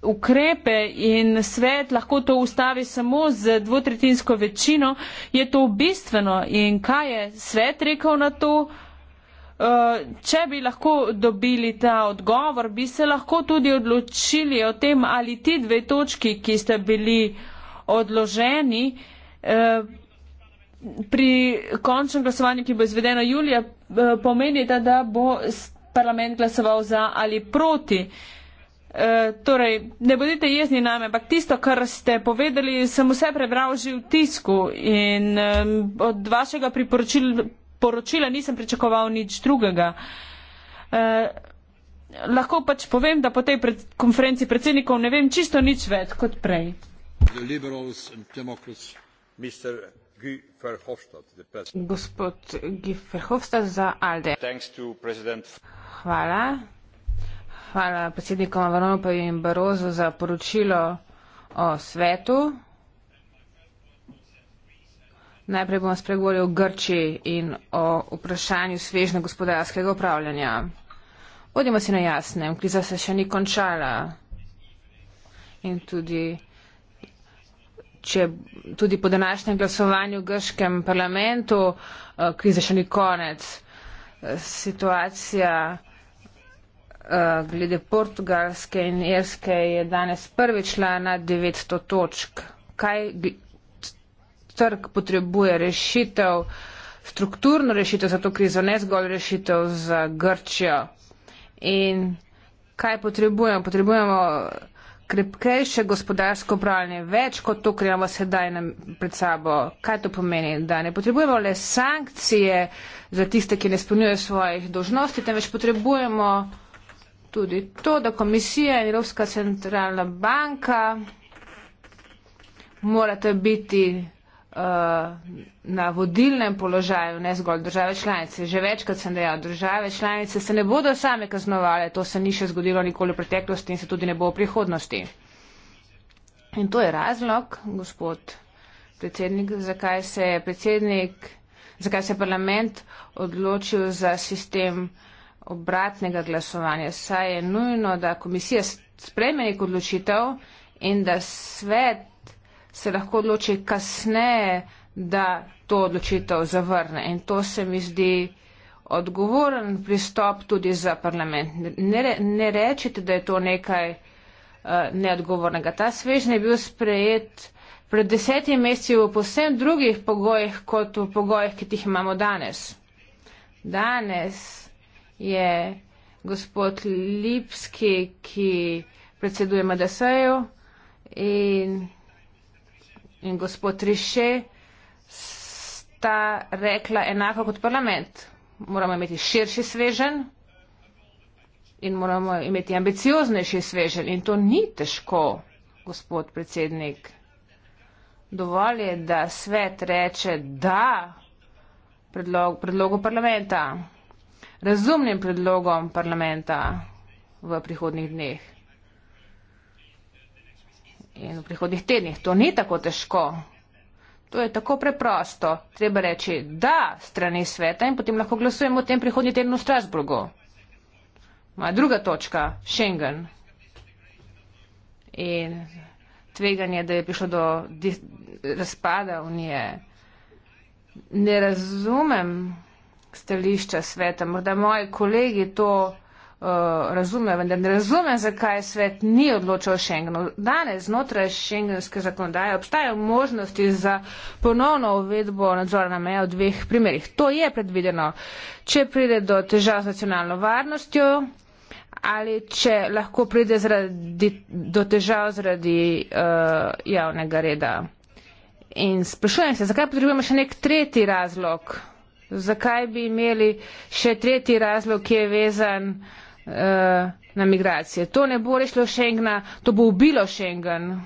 ukrepe in svet lahko to ustavi samo z dvotretinsko večino, je to bistveno. In kaj je svet rekel na to? Eh, če bi lahko dobili ta odgovor, bi se lahko tudi odločili o tem, ali ti dve točki, ki ste bili odloženi eh, pri končnem glasovanju, ki bo izvedeno julija, eh, pomenita, da bo parlament glasoval za ali proti. Eh, torej, ne bodite jezni name, ampak tisto, kar ste povedali, sem vse prebral že v tisku in uh, od vašega poročila nisem pričakoval nič drugega. Uh, lahko pač povem, da po tej pred konferenci predsednikov ne vem čisto nič več kot prej. Gospod Giferhofstadt za Alde. Hvala. Hvala predsednikom Varonopo in Barozu za poročilo o svetu. Najprej bom spregovoril o Grčiji in o vprašanju svežne gospodarskega upravljanja. Bodimo si na jasnem, kriza se še ni končala in tudi, če, tudi po današnjem glasovanju v grškem parlamentu eh, kriza še ni konec. Situacija Eh, glede Portugalske in Irske je danes prvi član 900 točk. Kaj trg potrebuje rešitev, strukturno rešitev za to krizo, ne zgolj rešitev za Grčijo? In kaj potrebujemo? Potrebujemo krepkejše gospodarsko upravljanje, več kot to, kar imamo sedaj pred sabo. Kaj to pomeni? Da ne potrebujemo le sankcije za tiste, ki ne spolnjujejo svojih dožnosti, temveč potrebujemo tudi to, da komisija in Evropska centralna banka morata biti uh, na vodilnem položaju, ne zgolj države članice. Že večkrat sem dejal, države članice se ne bodo same kaznovale, to se ni še zgodilo nikoli v preteklosti in se tudi ne bo v prihodnosti. In to je razlog, gospod predsednik, zakaj se je predsednik, zakaj se je parlament odločil za sistem uh, obratnega glasovanja. Saj je nujno, da komisija sprejme nek odločitev in da svet se lahko odloči kasneje, da to odločitev zavrne. In to se mi zdi odgovoren pristop tudi za parlament. Ne, ne rečete, da je to nekaj uh, neodgovornega. Ta svež ne bil sprejet pred desetimi meseci v posebem drugih pogojih, kot v pogojih, ki jih imamo danes. Danes je gospod Lipski, ki predseduje MDS-ju in, in gospod Riše sta rekla enako kot parlament. Moramo imeti širši svežen in moramo imeti ambicioznejši svežen. In to ni težko, gospod predsednik. Dovolj je, da svet reče da predlog, predlogu parlamenta razumnim predlogom parlamenta v prihodnih dneh in v prihodnih tednih. To ni tako težko. To je tako preprosto. Treba reči da strani sveta in potem lahko glasujemo o tem prihodnji teden v Strasburgu. Moja druga točka, Schengen. In tveganje, da je prišlo do razpada unije. Ne razumem stališča sveta. Morda moji kolegi to uh, razumejo, vendar ne razumem, zakaj svet ni odločal o Schengenu. Danes znotraj šengenske zakonodaje obstajajo možnosti za ponovno uvedbo nadzora na meje v dveh primerjih. To je predvideno, če pride do težav z nacionalno varnostjo ali če lahko pride zaradi, do težav zaradi uh, javnega reda. In sprašujem se, zakaj potrebujemo še nek tretji razlog? Zakaj bi imeli še tretji razlog, ki je vezan uh, na migracije? To ne bo rešilo Schengna, to bo ubilo Schengen.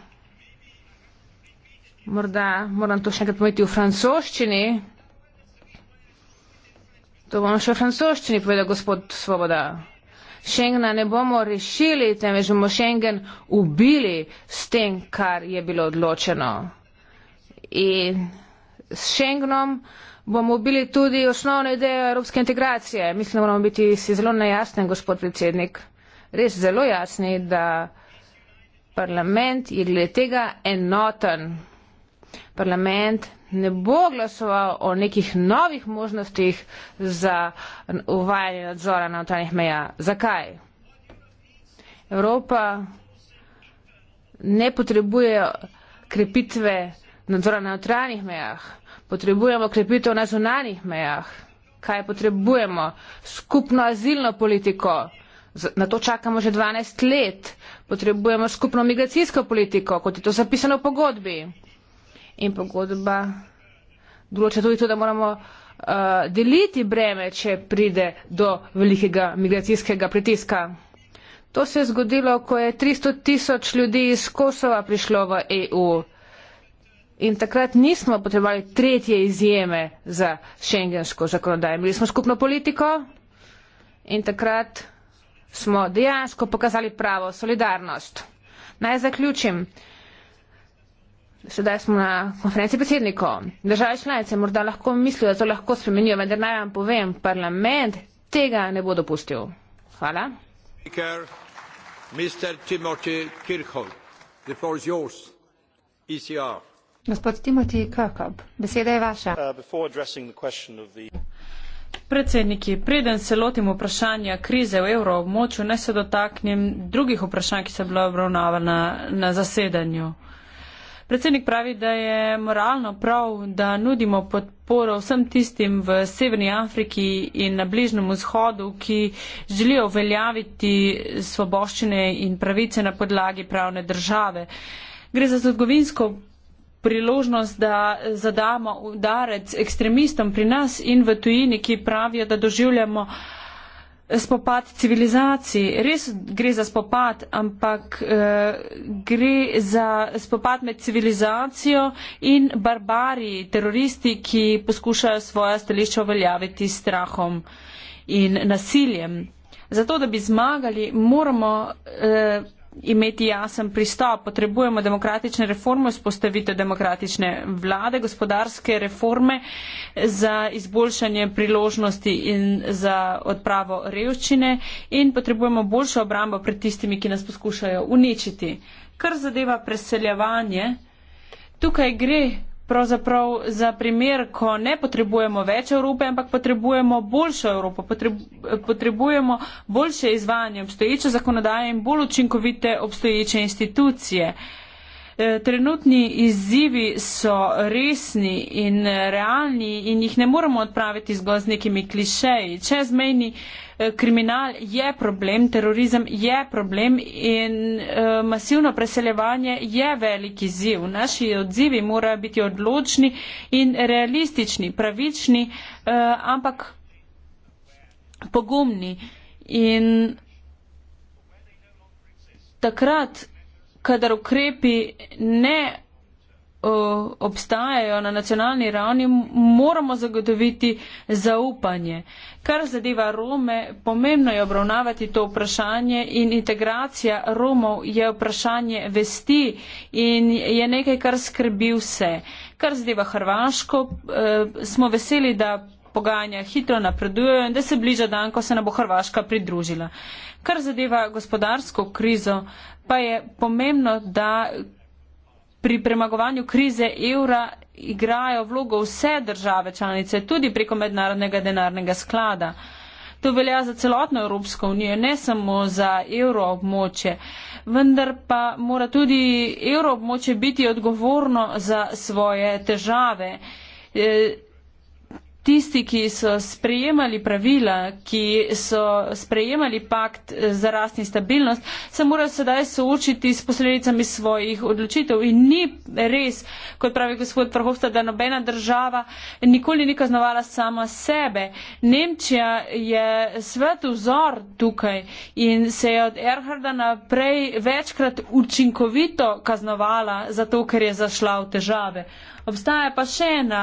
Morda moram to še enkrat povedati v francoščini. To bom še v francoščini povedal, gospod Svoboda. Schengna ne bomo rešili, temveč bomo Schengen ubili s tem, kar je bilo odločeno. In s Schengenom bomo bili tudi osnovne ideje evropske integracije. Mislim, da moramo biti si zelo najjasni, gospod predsednik, res zelo jasni, da parlament je glede tega enoten. Parlament ne bo glasoval o nekih novih možnostih za uvajanje nadzora na notranjih meja. Zakaj? Evropa ne potrebuje krepitve nadzora na notranjih mejah, potrebujemo krepitev na zunanjih mejah. Kaj potrebujemo? Skupno azilno politiko. Na to čakamo že 12 let. Potrebujemo skupno migracijsko politiko, kot je to zapisano v pogodbi. In pogodba določa tudi to, da moramo uh, deliti breme, če pride do velikega migracijskega pritiska. To se je zgodilo, ko je 300 tisoč ljudi iz Kosova prišlo v EU. In takrat nismo potrebovali tretje izjeme za šengensko zakonodajo. Imeli smo skupno politiko in takrat smo dejansko pokazali pravo solidarnost. Naj zaključim. Sedaj smo na konferenci predsednikov. Države članice morda lahko mislijo, da to lahko spremenijo, vendar naj vam povem, parlament tega ne bo dopustil. Hvala. Mr. Timothy Kirchhoff, the floor is yours, ECR. Gospod Timothy Kirkup, beseda je vaša. Uh, Predsedniki, preden se lotim vprašanja krize v evroobmočju, naj se dotaknem drugih vprašanj, ki so bila obravnavana na zasedanju. Predsednik pravi, da je moralno prav, da nudimo podporo vsem tistim v Severni Afriki in na Bližnjem vzhodu, ki želijo uveljaviti svoboščine in pravice na podlagi pravne države. Gre za zgodovinsko priložnost, da zadamo udarec ekstremistom pri nas in v tujini, ki pravijo, da doživljamo spopad civilizacij. Res gre za spopad, ampak eh, gre za spopad med civilizacijo in barbariji, teroristi, ki poskušajo svoja stališča uveljaviti s strahom in nasiljem. Zato, da bi zmagali, moramo. Eh, imeti jasen pristop. Potrebujemo demokratične reforme, spostavite demokratične vlade, gospodarske reforme za izboljšanje priložnosti in za odpravo revščine in potrebujemo boljšo obrambo pred tistimi, ki nas poskušajo uničiti. Kar zadeva preseljevanje, tukaj gre pravzaprav za primer, ko ne potrebujemo več Evrope, ampak potrebujemo boljšo Evropo, potrebujemo boljše izvajanje obstoječe zakonodaje in bolj učinkovite obstoječe institucije. Uh, Eh, trenutni izzivi so resni in realni in jih ne moramo odpraviti zgolj z nekimi klišeji. Čezmejni eh, kriminal je problem, terorizem je problem in eh, masivno preseljevanje je velik izziv. Naši odzivi morajo biti odločni in realistični, pravični, ampak pogumni. In takrat kadar ukrepi ne obstajajo na nacionalni ravni, moramo zagotoviti zaupanje. Kar zadeva Rome, pomembno je obravnavati to vprašanje in integracija Romov je vprašanje vesti in je nekaj, kar skrbi vse. Kar zadeva Hrvaško, eh, smo veseli, da pogajanja hitro napredujejo in da se bliža dan, ko se ne bo Hrvaška pridružila. Kar zadeva gospodarsko krizo, pa je pomembno, da pri premagovanju krize evra igrajo vlogo vse države članice, tudi preko mednarodnega denarnega sklada. To velja za celotno Evropsko unijo, ne samo za evroobmoče. Vendar pa mora tudi evroobmoče biti odgovorno za svoje težave. E, tisti, ki so sprejemali pravila, ki so sprejemali pakt za rastni stabilnost, se morajo sedaj soočiti s posledicami svojih odločitev. In ni res, kot pravi gospod Prahovsta, da nobena država nikoli ni kaznovala sama sebe. Nemčija je svet vzor tukaj in se je od Erharda naprej večkrat učinkovito kaznovala zato, ker je zašla v težave. Obstaja pa še ena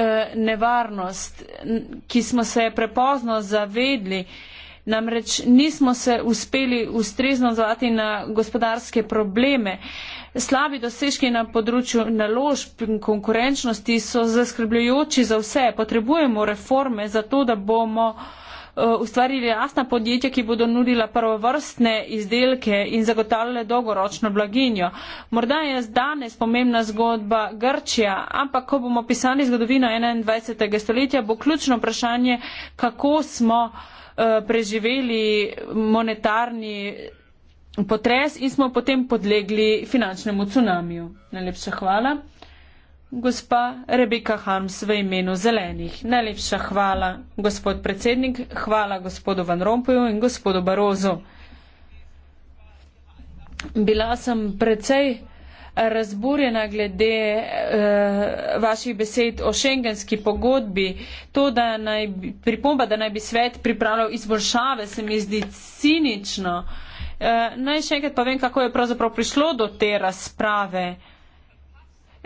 eh, nevarnost, ki smo se prepozno zavedli. Namreč nismo se uspeli ustrezno zvati na gospodarske probleme. Slabi dosežki na področju naložb in konkurenčnosti so zaskrbljujoči za vse. Potrebujemo reforme za to, da bomo eh, Eh, ustvarili jasna podjetja, ki bodo nudila prvovrstne izdelke in zagotavljale dolgoročno blaginjo. Morda je danes pomembna zgodba Grčija, ampak ko bomo pisali zgodovino 21. stoletja, bo ključno vprašanje, kako smo eh, preživeli monetarni potres in smo potem podlegli finančnemu tsunamiju. Najlepša hvala. Gospa Rebeka Harms v imenu zelenih. Najlepša hvala, gospod predsednik, hvala gospodu Van Rompuju in gospodu Barozu. Bila sem precej razburjena glede uh, vaših besed o šengenski pogodbi. To, da naj bi, pripomba, da naj bi svet pripravljal izboljšave, se mi zdi cinično. Uh, naj še enkrat povem, kako je pravzaprav prišlo do te razprave. Uh,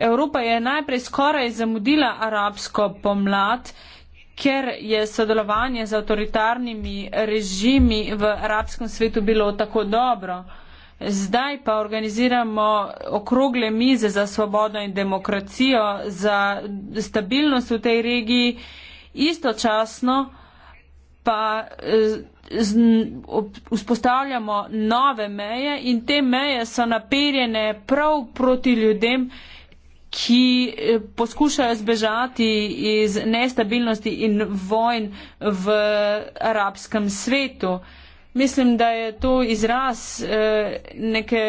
Evropa je najprej skoraj zamudila arabsko pomlad, ker je sodelovanje z avtoritarnimi režimi v arabskem svetu bilo tako dobro. Zdaj pa organiziramo okrogle mize za svobodo in demokracijo, za stabilnost v tej regiji, istočasno pa eh, vzpostavljamo nove meje in te meje so naperjene prav proti ljudem, ki eh, poskušajo zbežati iz nestabilnosti in vojn v arabskem svetu. Mislim, da je to izraz eh, neke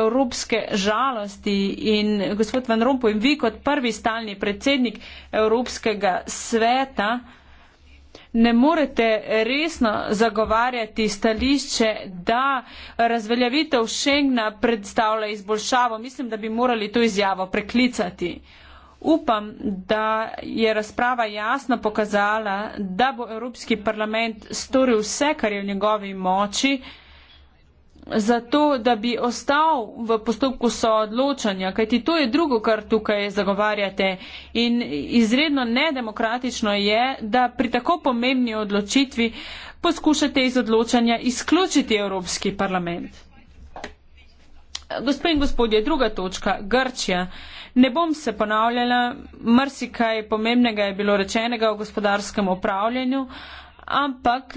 evropske žalosti in gospod Van Rompuy, vi kot prvi stalni predsednik Evropskega sveta, ne morete resno zagovarjati stališče, da razveljavitev Schengna predstavlja izboljšavo. Mislim, da bi morali to izjavo preklicati. Upam, da je razprava jasno pokazala, da bo Evropski parlament storil vse, kar je v njegovi moči, zato, da bi ostal v postopku soodločanja, kajti to je drugo, kar tukaj zagovarjate. In izredno nedemokratično je, da pri tako pomembni odločitvi poskušate iz odločanja izključiti Evropski parlament. Gospod in gospodje, druga točka, Grčija. Ne bom se ponavljala, mrsikaj pomembnega je bilo rečenega o gospodarskem upravljanju, ampak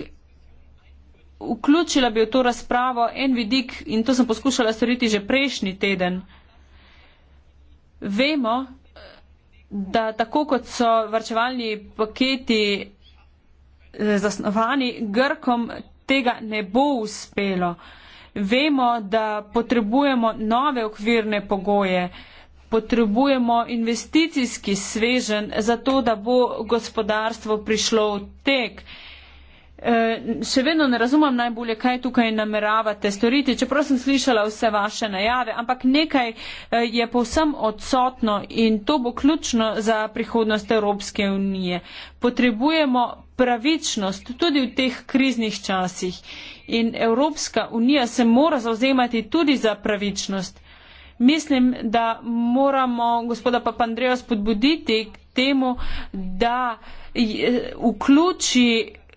vključila bi v to razpravo en vidik in to sem poskušala storiti že prejšnji teden. Vemo, da tako kot so varčevalni paketi eh, zasnovani, Grkom tega ne bo uspelo. Vemo, da potrebujemo nove okvirne pogoje, potrebujemo investicijski svežen, zato da bo gospodarstvo prišlo v tek. Eh, še vedno ne razumem najbolje, kaj tukaj nameravate storiti, čeprav sem slišala vse vaše najave, ampak nekaj eh, je povsem odsotno in to bo ključno za prihodnost Evropske unije. Potrebujemo pravičnost tudi v teh kriznih časih in Evropska unija se mora zauzemati tudi za pravičnost. Mislim, da moramo gospoda Papandreja spodbuditi k temu, da eh, vključi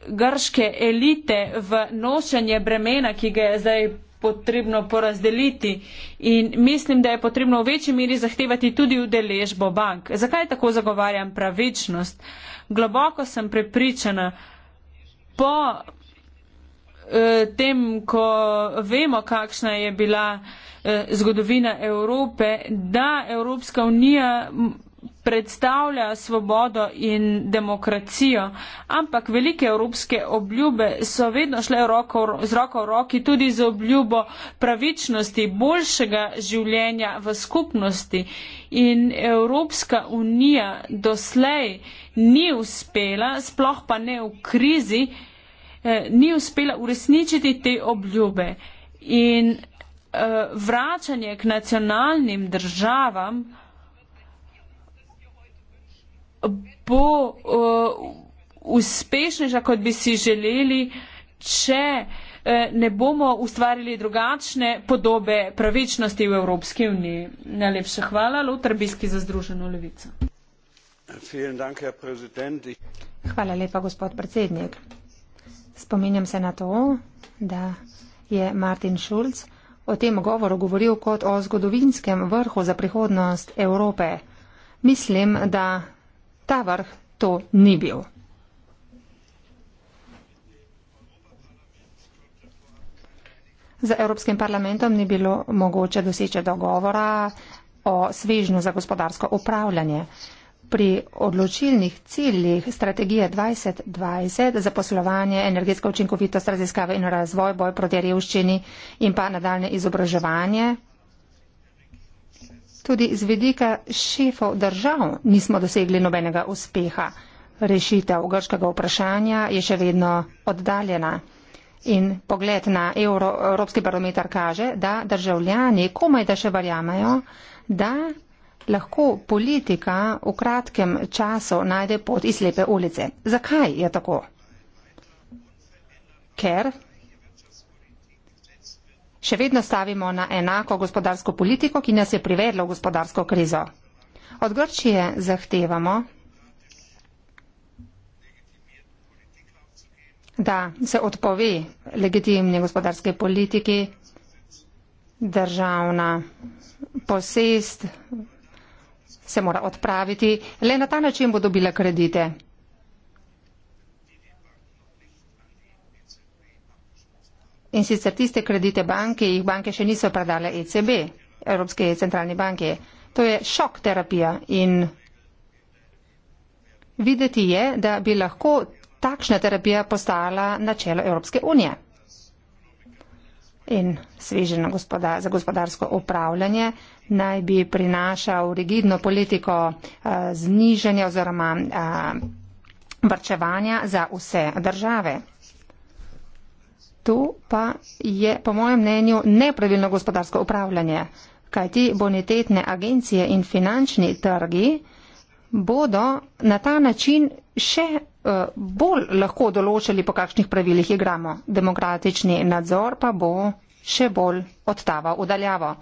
grške elite v nošenje bremena, ki ga je zdaj potrebno porazdeliti in mislim, da je potrebno v večji meri zahtevati tudi udeležbo bank. Zakaj tako zagovarjam pravičnost? Globoko sem prepričana, po eh, tem, ko vemo, kakšna je bila eh, zgodovina Evrope, da Evropska unija predstavlja svobodo in demokracijo, ampak velike evropske obljube so vedno šle roko, z roko v roki tudi z obljubo pravičnosti boljšega življenja v skupnosti. In Evropska unija doslej ni uspela, sploh pa ne v krizi, eh, ni uspela uresničiti te obljube. In eh, vračanje k nacionalnim državam, bo uh, uspešnejša, kot bi si želeli, če uh, ne bomo ustvarili drugačne podobe pravičnosti v Evropski uniji. Najlepša hvala, Lutar Biski za Združeno levico. Hvala lepa, gospod predsednik. Spominjam se na to, da je Martin Schulz o tem govoru govoril kot o zgodovinskem vrhu za prihodnost Evrope. Mislim, da Tavar to ni bil. Z Evropskim parlamentom ni bilo mogoče doseči dogovora o svežnju za gospodarsko upravljanje. Pri odločilnih ciljih strategije 2020 za poslovanje, energetsko učinkovitost, raziskave in razvoj, boj proti revščini in pa nadaljne izobraževanje Tudi z vedika šefov držav nismo dosegli nobenega uspeha. Rešitev grškega vprašanja je še vedno oddaljena. In pogled na Euro, Evropski barometar kaže, da državljani komaj da še verjamejo, da lahko politika v kratkem času najde pot iz slepe ulice. Zakaj je tako? Ker še vedno stavimo na enako gospodarsko politiko, ki nas je privedla v gospodarsko krizo. Od Grčije zahtevamo, da se odpove legitimni gospodarske politiki, državna posest se mora odpraviti, le na ta način bo dobila kredite. In sicer tiste kredite banke, jih banke še niso predale ECB, Evropske centralne banke. To je šok terapija in videti je, da bi lahko takšna terapija postala načelo Evropske unije. In svežen gospoda, za gospodarsko upravljanje naj bi prinašal rigidno politiko a, eh, znižanja oziroma a, eh, vrčevanja za vse države. Tu pa je po mojem mnenju nepravilno gospodarsko upravljanje, kajti bonitetne agencije in finančni trgi bodo na ta način še eh, bolj lahko določili, po kakšnih pravilih igramo. Demokratični nadzor pa bo še bolj odtaval v daljavo.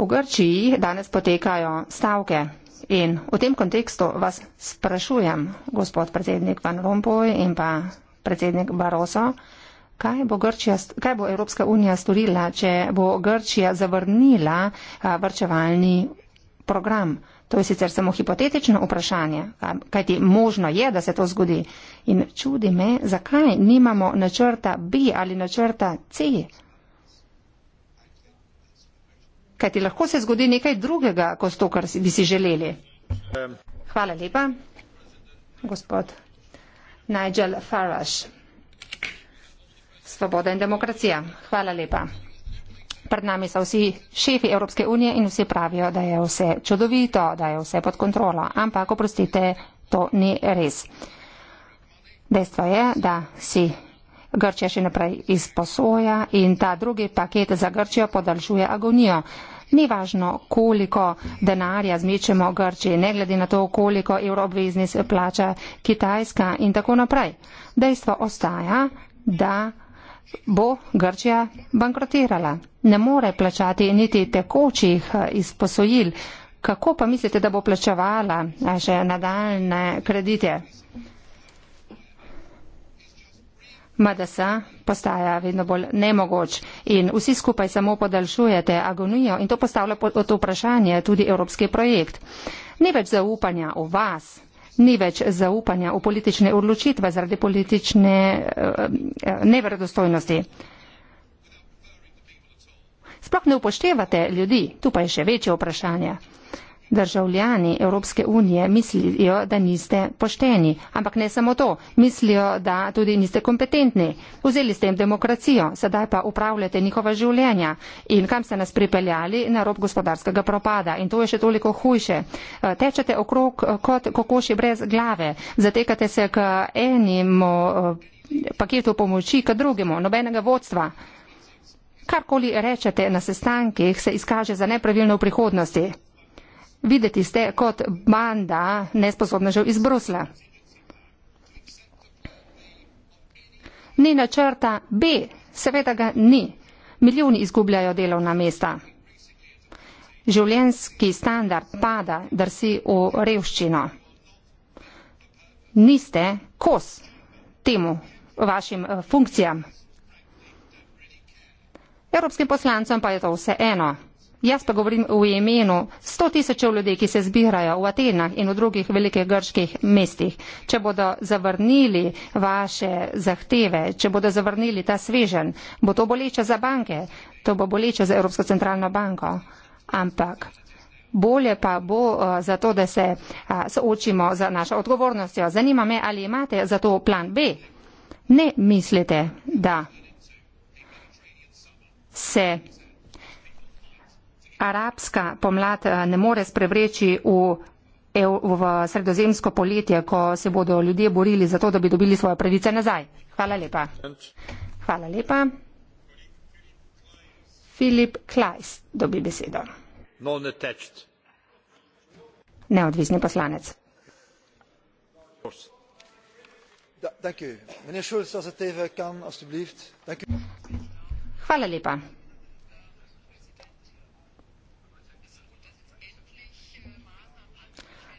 V Grčiji danes potekajo stavke in v tem kontekstu vas sprašujem, gospod predsednik Van Rompuy in pa predsednik Barroso, Kaj bo, Grčija, kaj bo Evropska unija storila, če bo Grčija zavrnila vrčevalni program? To je sicer samo hipotetično vprašanje, kajti možno je, da se to zgodi. In čudi me, zakaj nimamo načrta B ali načrta C. Kajti lahko se zgodi nekaj drugega, kot to, kar bi si želeli. Hvala lepa, gospod Nigel Farage. Svoboda in demokracija. Hvala lepa. Pred nami so vsi šefi Evropske unije in vsi pravijo, da je vse čudovito, da je vse pod kontrolo. Ampak, oprostite, to ni res. Dejstvo je, da si Grčija še naprej izposoja in ta drugi paket za Grčijo podaljšuje agonijo. Ni važno, koliko denarja zmičemo Grčiji, ne glede na to, koliko evroobveznic plača Kitajska in tako naprej. Dejstvo ostaja, da bo Grčija bankrotirala. Ne more plačati niti tekočih eh, izposojil. Kako pa mislite, da bo plačevala eh, še nadaljne kredite? MDS postaja vedno bolj nemogoč in vsi skupaj samo podaljšujete agonijo in to postavlja pod vprašanje tudi evropski projekt. Ni več zaupanja v vas, ni več zaupanja v politične odločitve zaradi politične eh, eh, neverodostojnosti. Sploh ne upoštevate ljudi, tu pa je še večje vprašanje državljani Evropske unije mislijo, da niste pošteni. Ampak ne samo to, mislijo, da tudi niste kompetentni. Vzeli ste jim demokracijo, sedaj pa upravljate njihova življenja. In kam ste nas pripeljali? Na rob gospodarskega propada. In to je še toliko hujše. Eh, tečete okrog eh, kot kokoši brez glave. Zatekate se k enemu eh, paketu pomoči, k drugemu, nobenega vodstva. Karkoli rečete na sestankih, se izkaže za nepravilno v prihodnosti. Videti ste kot banda nesposobnežev iz Brusla. Ni načrta B, seveda ga ni. Milijoni izgubljajo delovna mesta. Življenjski standard pada, drsi v revščino. Niste kos temu vašim eh, funkcijam. Evropskim poslancem pa je to vse eno. Jaz pa govorim v imenu 100 tisočev ljudi, ki se zbirajo v Atenah in v drugih velikih grških mestih. Če bodo zavrnili vaše zahteve, če bodo zavrnili ta svežen, bo to boleče za banke, to bo boleče za Evropsko centralno banko. Ampak bolje pa bo uh, za to, da se uh, soočimo za našo odgovornostjo. Zanima me, ali imate za to plan B. Ne mislite, da se arabska pomlad eh, ne more sprevreči v, v sredozemsko poletje, ko se bodo ljudje borili za to, da bi dobili svoje pravice nazaj. Hvala lepa. Hvala lepa. Filip Klajs dobi besedo. No, Neodvisni poslanec. Hvala lepa.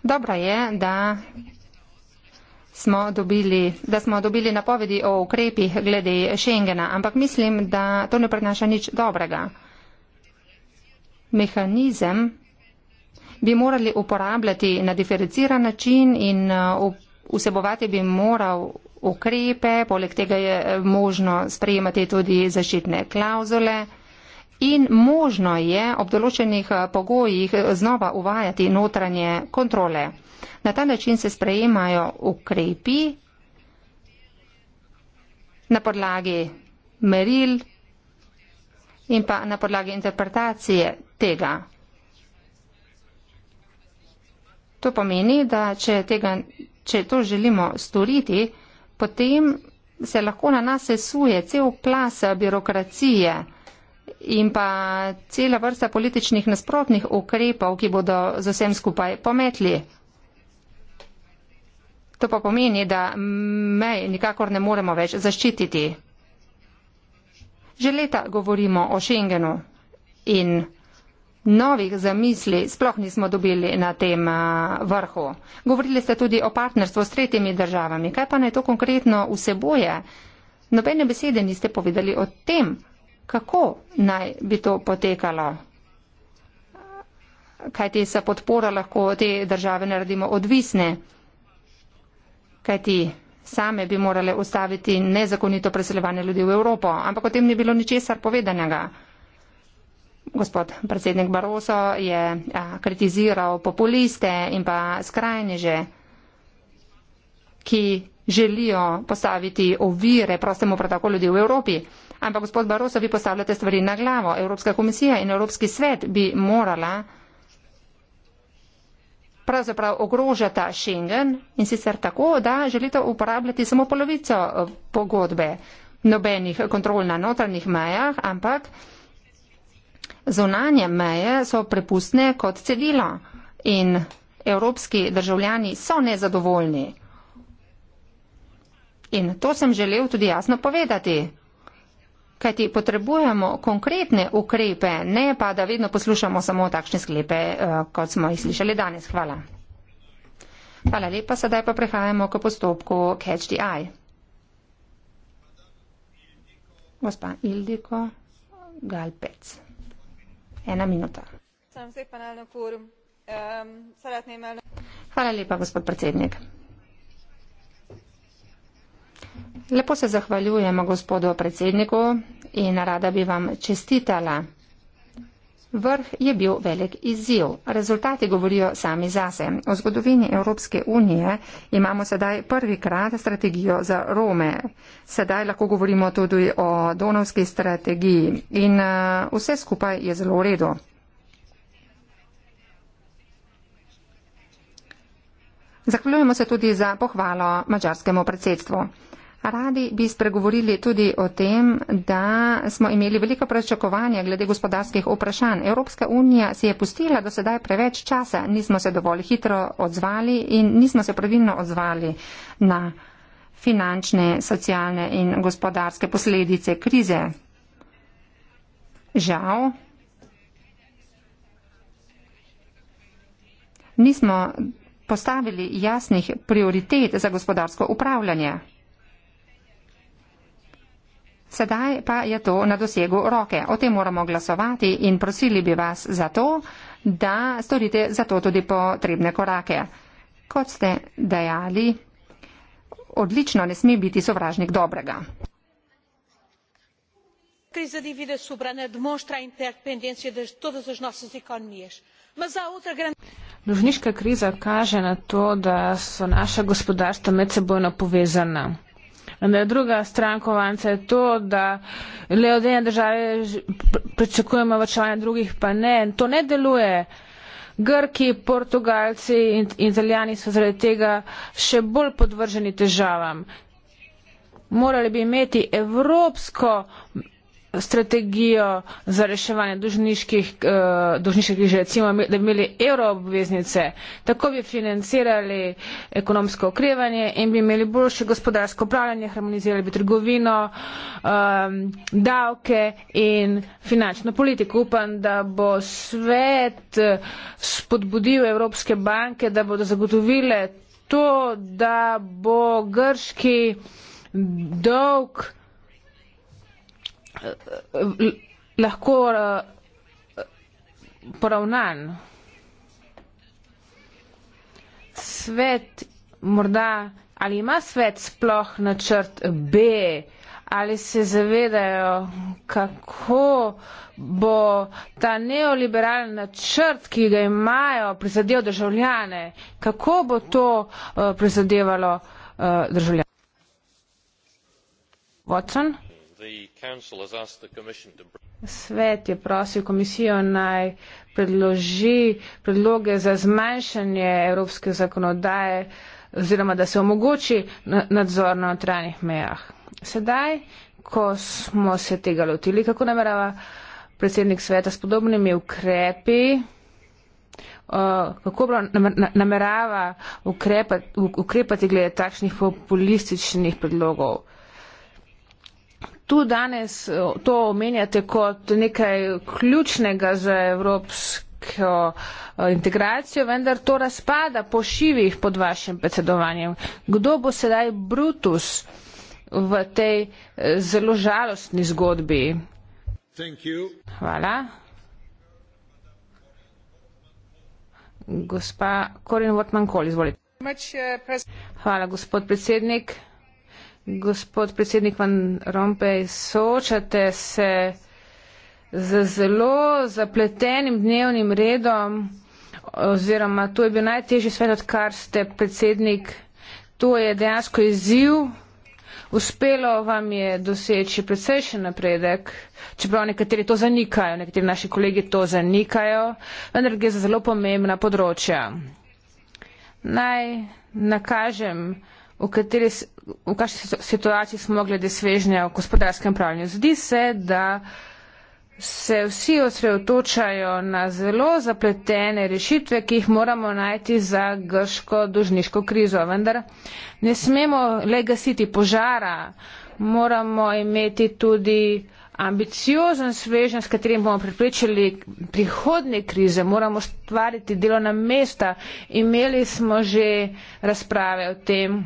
Dobro je, da smo dobili, da smo dobili napovedi o ukrepih glede Schengena, ampak mislim, da to ne prenaša nič dobrega. Mehanizem bi morali uporabljati na diferenciran način in uh, vsebovati bi moral ukrepe, poleg tega je uh, možno sprejemati tudi zaščitne klauzule in možno je ob določenih eh, pogojih eh, znova uvajati notranje kontrole. Na ta način se sprejemajo ukrepi na podlagi meril in pa na podlagi interpretacije tega. To pomeni, da če, tega, če to želimo storiti, potem se lahko na nas sesuje cel plas eh, birokracije in pa cela vrsta političnih nasprotnih ukrepov, ki bodo z vsem skupaj pometli. To pa pomeni, da mej nikakor ne moremo več zaščititi. Že leta govorimo o Schengenu in novih zamisli sploh nismo dobili na tem vrhu. Govorili ste tudi o partnerstvu s tretjimi državami. Kaj pa naj to konkretno vseboje? Nobene besede niste povedali o tem, kako naj bi to potekalo. Kaj ti sa podpora lahko te države naredimo odvisne? Kaj ti same bi morale ustaviti nezakonito preseljevanje ljudi v Evropo? Ampak o tem ni bilo ničesar povedanega. Gospod predsednik Barroso je a, kritiziral populiste in pa skrajneže, ki želijo postaviti ovire prostemu protokolu ljudi v Evropi. Ampak, gospod Baroso, vi postavljate stvari na glavo. Evropska komisija in Evropski svet bi morala pravzaprav ogrožata Schengen in sicer tako, da želite uporabljati samo polovico eh, pogodbe nobenih kontrol na notranjih mejah, ampak zunanje meje so prepustne kot cedilo in evropski državljani so nezadovoljni. In to sem želel tudi jasno povedati kajti potrebujemo konkretne ukrepe, ne pa da vedno poslušamo samo takšne sklepe, eh, kot smo jih slišali danes. Hvala. Hvala lepa, sedaj pa prehajamo k postopku Catch the Eye. Gospa Ildiko Galpec. Ena minuta. Hvala lepa, gospod predsednik. Lepo se zahvaljujem gospodu predsedniku in rada bi vam čestitala. Vrh je bil velik izziv. Rezultati govorijo sami zase. V zgodovini Evropske unije imamo sedaj prvi krat strategijo za Rome. Sedaj lahko govorimo tudi o donovski strategiji in eh, vse skupaj je zelo v redu. Zahvaljujemo se tudi za pohvalo mačarskemu predsedstvu. Radi bi spregovorili tudi o tem, da smo imeli veliko prečakovanja glede gospodarskih vprašanj. Evropska unija si je pustila do sedaj preveč časa, nismo se dovolj hitro odzvali in nismo se pravilno odzvali na finančne, socialne in gospodarske posledice krize. Žal. Nismo postavili jasnih prioritet za gospodarsko upravljanje. Sedaj pa je to na dosegu roke. O tem moramo glasovati in prosili bi vas za to, da storite za to tudi potrebne korake. Kot ste dejali, odlično ne sme biti sovražnik dobrega. Crise de dívida soberana demonstra a interdependência de todas as nossas economias. Mas há outra grande. Dužniška kriza kaže na to, da so naša gospodarstva medsebojno povezana. Vendar druga stran kovanca je to, da le od ene države pričakujemo vrčevanje drugih, pa ne. To ne deluje. Grki, Portugalci in Italijani so zaradi tega še bolj podvrženi težavam. Morali bi imeti evropsko strategijo za reševanje dužniških, eh, dužniških križ, recimo, da bi imeli euroobveznice, tako bi financirali ekonomsko okrevanje in bi imeli boljše gospodarsko upravljanje, harmonizirali bi trgovino, ehm, davke in finančno politiko. Upam, da bo svet eh, spodbudil evropske banke, da bodo zagotovile to, da bo grški dolg lahko eh, poravnan. Svet morda, ali ima svet sploh načrt B, ali se zavedajo, kako bo ta neoliberalni načrt, ki ga imajo, prizadel državljane, kako bo to uh, prizadevalo uh, državljane. Watson? Svet je prosil komisijo naj predloži predloge za zmanjšanje evropske zakonodaje oziroma da se omogoči nadzor na notranjih mejah. Sedaj, ko smo se tega lotili, kako namerava predsednik sveta s podobnimi ukrepi, kako namerava ukrepati glede takšnih populističnih predlogov? tu danes eh, to omenjate kot nekaj ključnega za evropsko eh, integracijo, vendar to razpada po šivih pod vašim predsedovanjem. Kdo bo sedaj Brutus v tej eh, zelo žalostni zgodbi? Hvala. Gospa Korin Votman-Kol, izvolite. Hvala, gospod predsednik. Gospod predsednik Van Rompej, soočate se z zelo zapletenim dnevnim redom, oziroma to je bil najtežji svet, odkar ste predsednik. To je dejansko izziv. Uspelo vam je doseči precejšen napredek, čeprav nekateri to zanikajo, nekateri naši kolegi to zanikajo, vendar gre za zelo pomembna področja. Naj nakažem, v kateri v kakšni situaciji smo glede svežnja v gospodarskem pravljenju. Zdi se, da se vsi osredotočajo na zelo zapletene rešitve, ki jih moramo najti za grško dužniško krizo. Vendar ne smemo le gasiti požara, moramo imeti tudi ambiciozen svežen, s katerim bomo pripričali prihodne krize, moramo stvariti delovna mesta. Imeli smo že razprave o tem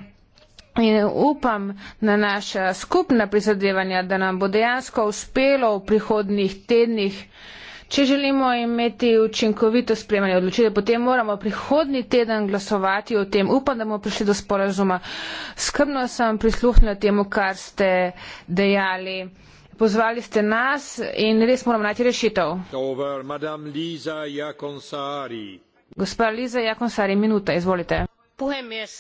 In upam na naša skupna prizadevanja, da nam bo dejansko uspelo v prihodnih tednih. Če želimo imeti učinkovito spremljanje odločitev, potem moramo prihodni teden glasovati o tem. Upam, da bomo prišli do sporazuma. Skrbno sem prisluhnila temu, kar ste dejali. Pozvali ste nas in res moramo najti rešitev. Over, Liza Gospa Liza Jakonsari, minuta, izvolite. Pohem, jaz,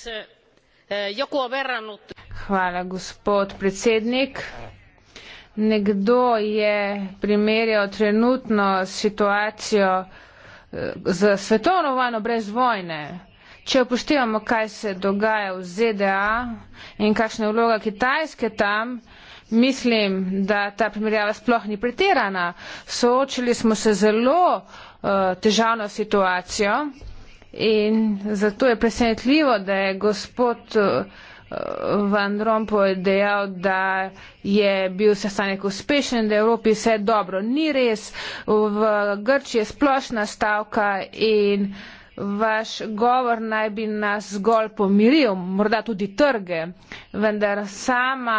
Hvala, gospod predsednik. Nekdo je primerjal trenutno situacijo eh, z svetovno vojno brez vojne. Če upoštevamo, kaj se dogaja v ZDA in kakšna je vloga Kitajske tam, mislim, da ta primerjava sploh ni pretirana. Soočili smo se zelo uh, težavno situacijo. In zato je presenetljivo, da je gospod eh, Van Rompuy dejal, da je bil sestanek uspešen, da je v Evropi vse dobro. Ni res, v Grči je splošna stavka in vaš govor naj bi nas zgolj pomiril, morda tudi trge, vendar sama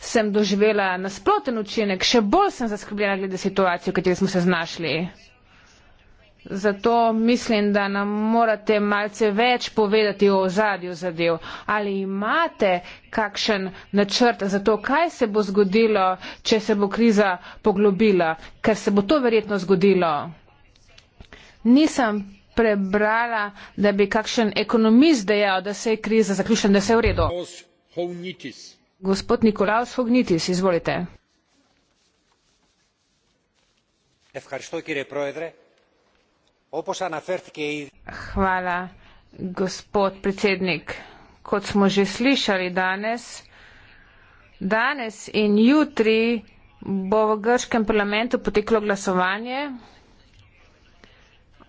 sem doživela nasploten učinek, še bolj sem zaskrbljena glede situacije, v kateri smo se znašli. Zato mislim, da nam morate malce več povedati o ozadju zadev. Ali imate kakšen načrt za to, kaj se bo zgodilo, če se bo kriza poglobila? Ker se bo to verjetno zgodilo. Nisem prebrala, da bi kakšen ekonomist dejal, da se je kriza zaključila, da se je v redu. Gospod Nikolaus Hognitis, izvolite. Hvala, gospod predsednik. Kot smo že slišali danes, danes in jutri bo v grškem parlamentu poteklo glasovanje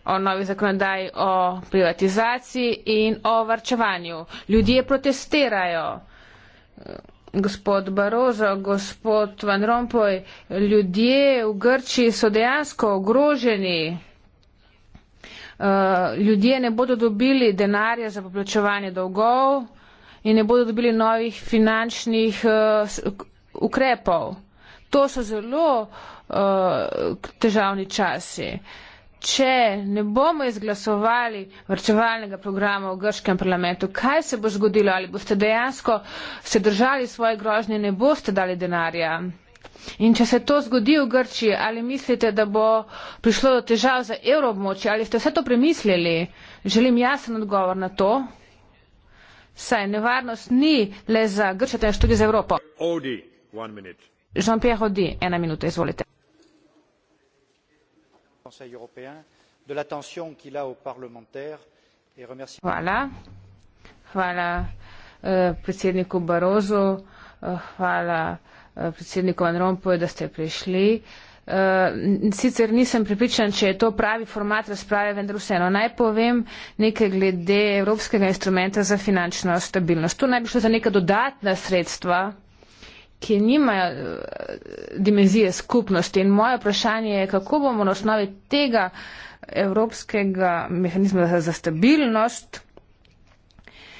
o novi zakonodaji o privatizaciji in o varčevanju. Ljudje protestirajo. Gospod Barozo, gospod Van Rompuy, ljudje v Grči so dejansko ogroženi. Eh, ljudje ne bodo dobili denarja za poplačevanje dolgov in ne bodo dobili novih finančnih uh, ukrepov. To so zelo uh, težavni časi. Če ne bomo izglasovali vrčevalnega programa v grškem parlamentu, kaj se bo zgodilo? Ali boste dejansko se držali svoje grožnje, ne boste dali denarja? In če se to zgodi v Grčiji, ali mislite, da bo prišlo do težav za evroobmočje, ali ste vse to premislili? Želim jasen odgovor na to. Saj nevarnost ni le za Grčijo, temveč tudi za Evropo. Jean-Pierre Audi, ena minuta, izvolite. Hvala. Hvala uh, predsedniku Barozu. Uh, hvala. Eh, predsedniku Van Rompuju, da ste prišli. Eh, sicer nisem pripričan, če je to pravi format razprave, vendar vseeno naj povem nekaj glede Evropskega instrumenta za finančno stabilnost. Tu naj bi šlo za neka dodatna sredstva, ki nimajo eh, dimenzije skupnosti. In moje vprašanje je, kako bomo na osnovi tega Evropskega mehanizma za stabilnost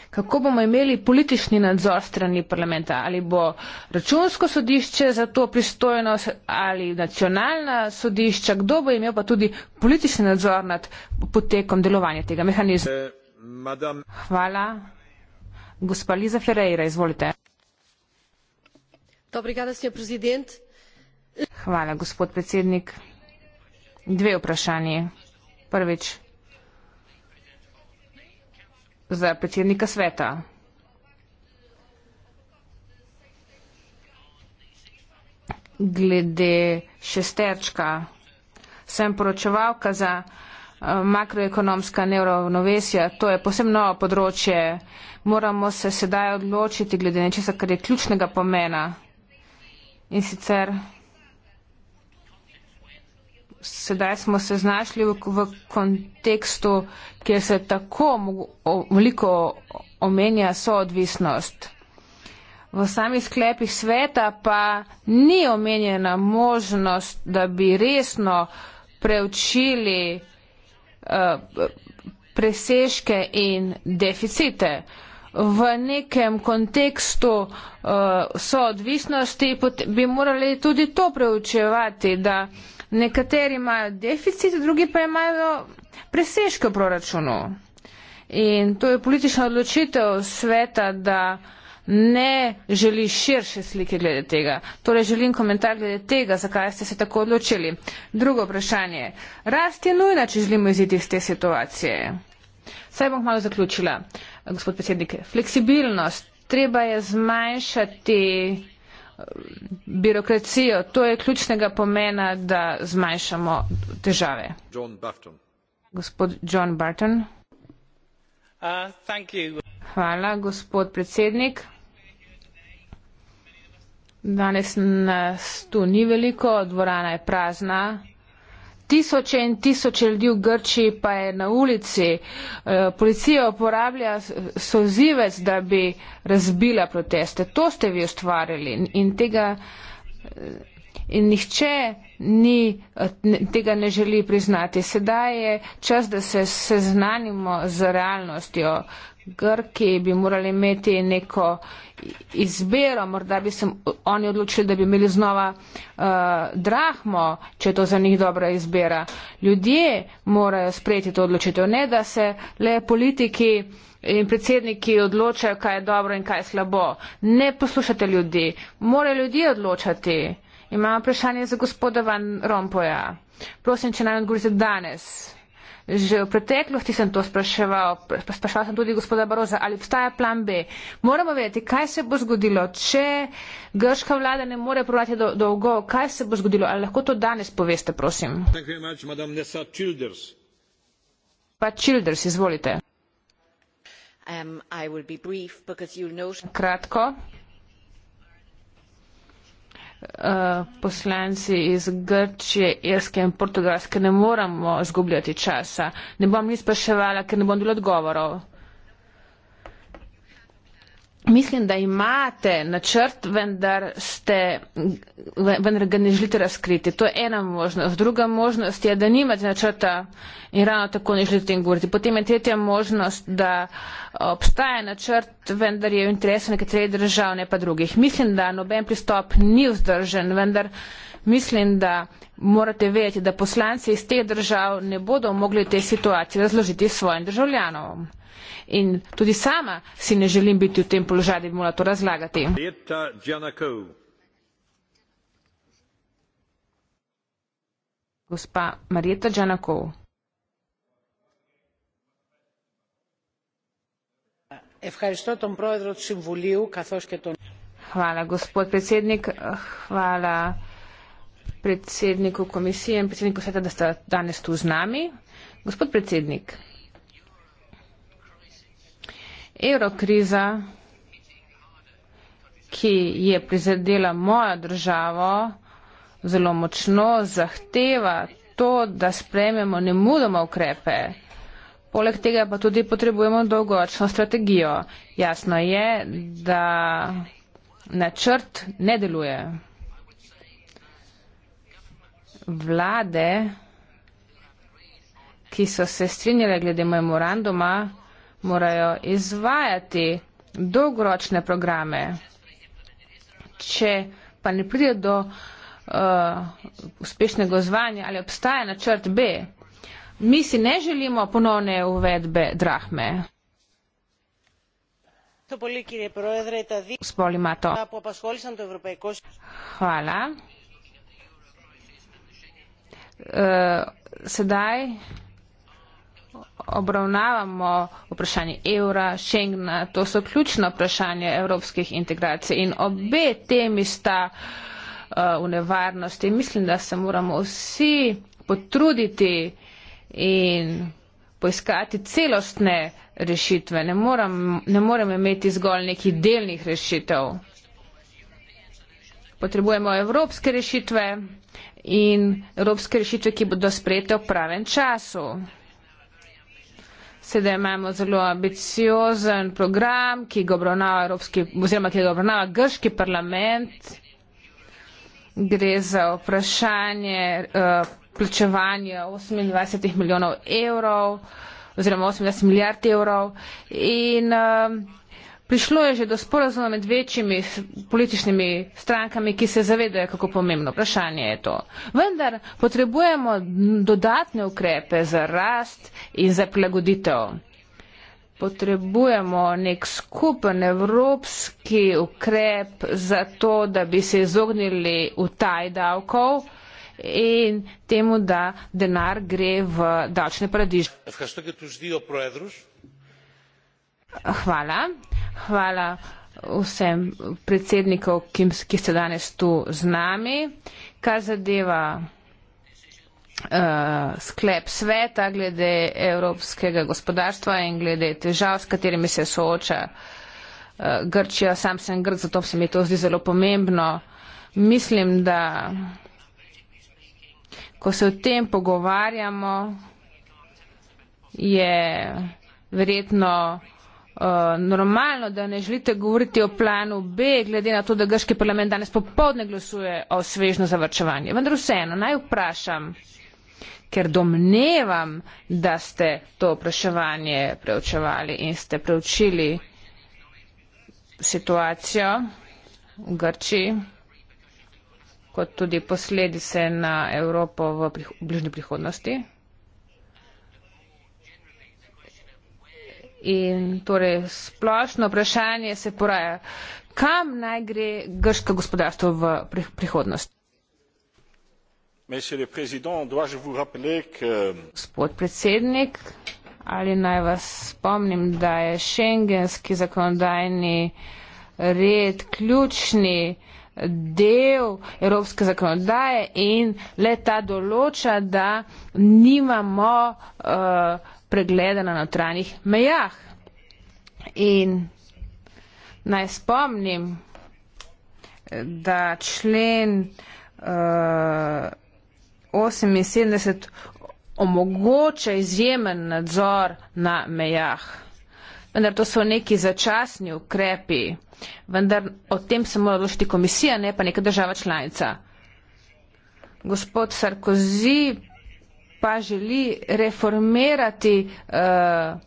kako bomo imeli politični nadzor strani parlamenta, ali bo računsko sodišče za to pristojnost ali nacionalna sodišča, kdo bo imel pa tudi politični nadzor nad potekom delovanja tega mehanizma. Eh, Hvala. Gospa Liza Ferreira, izvolite. Hvala, gospod predsednik. Dve vprašanje. Prvič, za predsednika sveta. Glede šesterčka, sem poročevalka za eh, makroekonomska neuravnovesja, to je posebno področje, moramo se sedaj odločiti glede nečesa, kar je ključnega pomena. In sicer sedaj smo se znašli v, v kontekstu, kjer se tako veliko omenja soodvisnost. V samih sklepih sveta pa ni omenjena možnost, da bi resno preučili uh, presežke in deficite. V nekem kontekstu uh, soodvisnosti bi morali tudi to preučevati, da uh, Nekateri imajo deficit, drugi pa imajo presežke v proračunu. In to je politična odločitev sveta, da ne želi širše slike glede tega. Torej želim komentar glede tega, zakaj ste se tako odločili. Drugo vprašanje. Rast je nujna, če želimo iziti iz te situacije. Saj bom malo zaključila, gospod predsednik. Fleksibilnost. Treba je zmanjšati birokracijo. To je ključnega pomena, da zmanjšamo težave. John gospod John Barton. Uh, Hvala, gospod predsednik. Danes nas tu ni veliko, dvorana je prazna tisoče in tisoče ljudi v Grčiji pa je na ulici. Eh, policija uporablja sozivec, da bi razbila proteste. To ste vi ustvarili in tega. Eh, in nihče ni, eh, tega ne želi priznati. Sedaj je čas, da se seznanimo z realnostjo, Grki bi morali imeti neko izbiro, morda bi se oni odločili, da bi imeli znova uh, drahmo, če je to za njih dobra izbira. Ljudje morajo sprejeti to odločitev, ne da se le politiki in predsedniki odločajo, kaj je dobro in kaj je slabo. Ne poslušate ljudi, morajo ljudje odločati. Imamo vprašanje za gospoda Van Rompoja. Prosim, če naj odgovorite danes. Že v preteklosti sem to spraševal, spraševal sem tudi gospoda Baroza, ali obstaja plan B. Moramo vedeti, kaj se bo zgodilo, če grška vlada ne more prodati dolgo, do kaj se bo zgodilo, ali lahko to danes poveste, prosim. Pa Childers, izvolite. Um, Kratko. Eh, poslanci iz Grčije, Irske in Portugalske ne moramo zgubljati časa. Ne bom nič spraševala, ker ne bom dobila odgovorov. Mislim, da imate načrt, vendar, ste, vendar ga ne želite razkriti. To je ena možnost. Druga možnost je, da nimate načrta in ravno tako ne želite in govoriti. Potem je tretja možnost, da obstaja načrt, vendar je v interesu nekaterih držav, ne pa drugih. Mislim, da noben pristop ni vzdržen, vendar mislim, da morate vedeti, da poslanci iz teh držav ne bodo mogli te situacije razložiti svojim državljanom in tudi sama si ne želim biti v tem položaju, da bi morala to razlagati. Gospa Marjeta Džanakov. Hvala, gospod predsednik. Hvala predsedniku komisije in predsedniku sveta, da ste danes tu z nami. Gospod predsednik, Evrokriza, ki je prizadela mojo državo, zelo močno zahteva to, da sprejmemo nemudoma ukrepe. Poleg tega pa tudi potrebujemo dolgoročno strategijo. Jasno je, da načrt ne deluje. Vlade, ki so se strinjale glede memoranduma, morajo izvajati dolgoročne programe. Če pa ne pride do uh, uspešnega zvanja ali obstaja načrt B, mi si ne želimo ponovne uvedbe drahme. Spol ima to. Hvala. Uh, sedaj obravnavamo vprašanje evra, šengna, to so ključna vprašanja evropskih integracij in obe temi sta uh, v nevarnosti. Mislim, da se moramo vsi potruditi in poiskati celostne rešitve. Ne, moram, ne moremo imeti zgolj nekih delnih rešitev. Potrebujemo evropske rešitve in evropske rešitve, ki bodo sprejete v pravem času. Sedaj imamo zelo ambiciozen program, ki ga obravnava, Evropski, oziroma, ki ga obravnava grški parlament. Gre za vprašanje uh, plačevanja 28 milijonov evrov oziroma 28 milijard evrov. In, uh, Prišlo je že do sporazuma med večjimi političnimi strankami, ki se zavedajo, kako pomembno vprašanje je to. Vendar potrebujemo dodatne ukrepe za rast in za prilagoditev. Potrebujemo nek skupen evropski ukrep za to, da bi se izognili utaj davkov in temu, da denar gre v davčne paradiže. Hvala. Hvala vsem predsednikov, ki, ki ste danes tu z nami. Kar zadeva uh, sklep sveta glede evropskega gospodarstva in glede težav, s katerimi se sooča uh, Grčija. Sam sem Grč, zato se mi to zdi zelo pomembno. Mislim, da ko se o tem pogovarjamo, je verjetno Uh, normalno, da ne želite govoriti o planu B, glede na to, da grški parlament danes popovdne glasuje o svežno zavrčevanje. Vendar vseeno, naj vprašam, ker domnevam, da ste to vpraševanje preučevali in ste preučili situacijo v Grči, kot tudi posledice na Evropo v, prih v bližnji prihodnosti. In torej splošno vprašanje se poraja, kam naj gre grško gospodarstvo v prihodnost? Gospod predsednik, ali naj vas spomnim, da je šengenski zakonodajni red ključni del evropske zakonodaje in le ta določa, da nimamo. Uh, pregleda na notranjih mejah. In naj spomnim, da člen uh, eh, 78 omogoča izjemen nadzor na mejah. Vendar to so neki začasni ukrepi, vendar o tem se mora odločiti komisija, ne pa neka država članica. Gospod Sarkozy pa želi reformirati uh,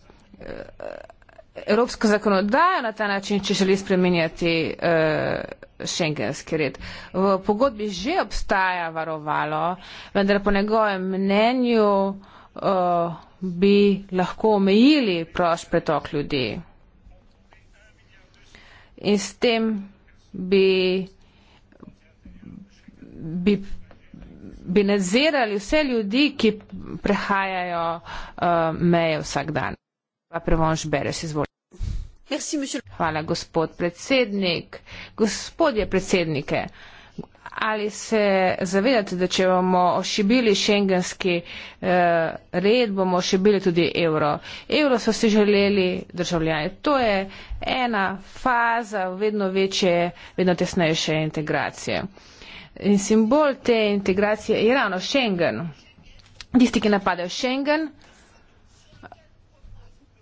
evropsko zakonodajo na ta način, če želi spremenjati uh, eh, šengenski red. V pogodbi že obstaja varovalo, vendar po njegovem mnenju uh, bi lahko omejili prošt pretok ljudi. In s tem bi, bi bi nadzirali vse ljudi, ki prehajajo uh, meje vsak dan. Pa prevonš bereš, izvolite. Hvala, gospod predsednik. Gospodje predsednike, ali se zavedate, da če bomo ošibili šengenski eh, red, bomo ošibili tudi evro? Evro so si želeli državljani. To je ena faza vedno večje, vedno tesnejše integracije in simbol te integracije je ravno Schengen. Tisti, ki napadajo Schengen,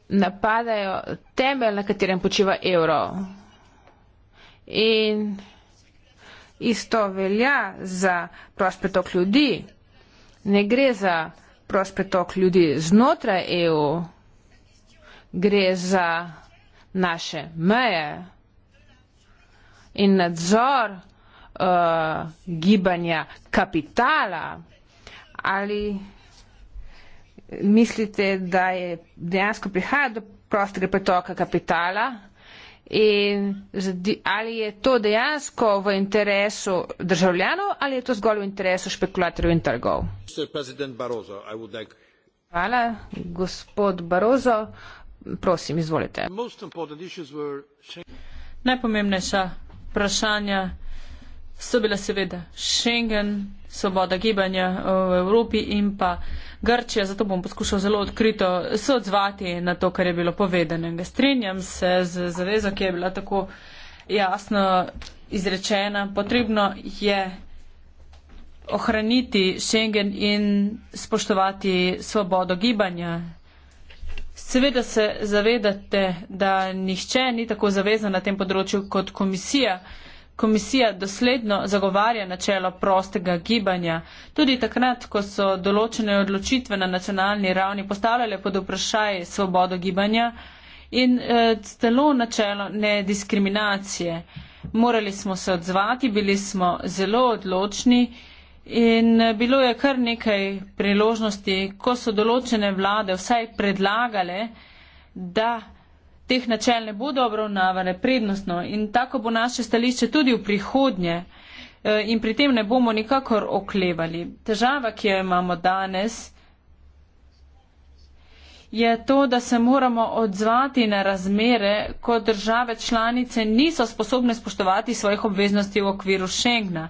napadajo temelj, na katerem počiva evro. In isto velja za prospetok ljudi. Ne gre za prospetok ljudi znotraj EU, gre za naše meje in nadzor uh, gibanja kapitala, ali mislite, da je dejansko prihaja do prostega pretoka kapitala in ali je to dejansko v interesu državljanov ali je to zgolj v interesu špekulatorjev in trgov? Barroso, like... Hvala, gospod Barozo. Prosim, izvolite. Najpomembnejša vprašanja so bile seveda Schengen, svoboda gibanja eh, v Evropi in pa Grčija, zato bom poskušal zelo odkrito se odzvati na to, kar je bilo povedanega. Strenjam se z zavezo, ki je bila tako jasno izrečena. Potrebno je ohraniti Schengen in spoštovati svobodo gibanja. Seveda se zavedate, da nihče ni tako zavezan na tem področju kot komisija. Komisija dosledno zagovarja načelo prostega gibanja. Tudi takrat, ko so določene odločitve na nacionalni ravni postavljale pod vprašaj svobodo gibanja in eh, celo e, načelo nediskriminacije. Morali smo se odzvati, bili smo zelo odločni in eh, bilo je kar nekaj priložnosti, ko so določene vlade vsaj predlagale, da teh načel ne bodo obravnavane prednostno in tako bo naše stališče tudi v prihodnje eh, in pri tem ne bomo nikakor oklevali. Težava, ki jo imamo danes, je to, da se moramo odzvati na razmere, ko države članice niso sposobne spoštovati svojih obveznosti v okviru Schengna.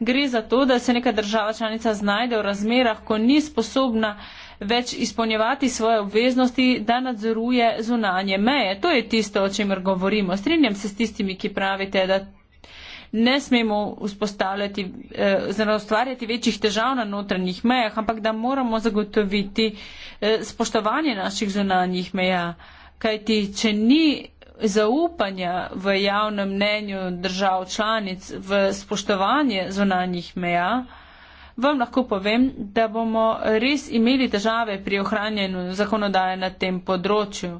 Gre za to, da se neka država članica znajde v razmerah, ko ni sposobna več izpolnjevati svoje obveznosti, da nadzoruje zunanje meje. To je tisto, o čemer govorimo. Strinjam se s tistimi, ki pravite, da ne smemo vzpostavljati, eh, ustvarjati večjih težav na notranjih mejah, ampak da moramo zagotoviti eh, spoštovanje naših zunanjih meja. Kajti, če ni zaupanja v javnem mnenju držav članic v spoštovanje zunanjih meja, eh, vam lahko povem, da bomo res imeli težave pri ohranjenju zakonodaje na tem področju.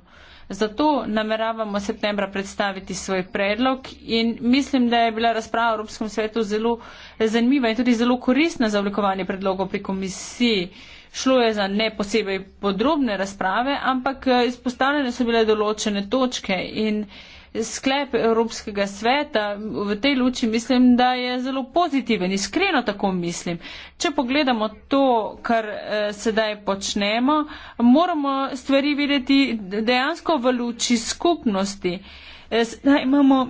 Zato nameravamo septembra predstaviti svoj predlog in mislim, da je bila razprava v Evropskem svetu zelo zanimiva in tudi zelo koristna za oblikovanje predlogov pri komisiji. Šlo je za ne posebej podrobne razprave, ampak eh, izpostavljene so bile določene točke in sklep Evropskega sveta v tej luči mislim, da je zelo pozitiven. Iskreno tako mislim. Če pogledamo to, kar eh, sedaj počnemo, moramo stvari videti dejansko v luči skupnosti. Eh, imamo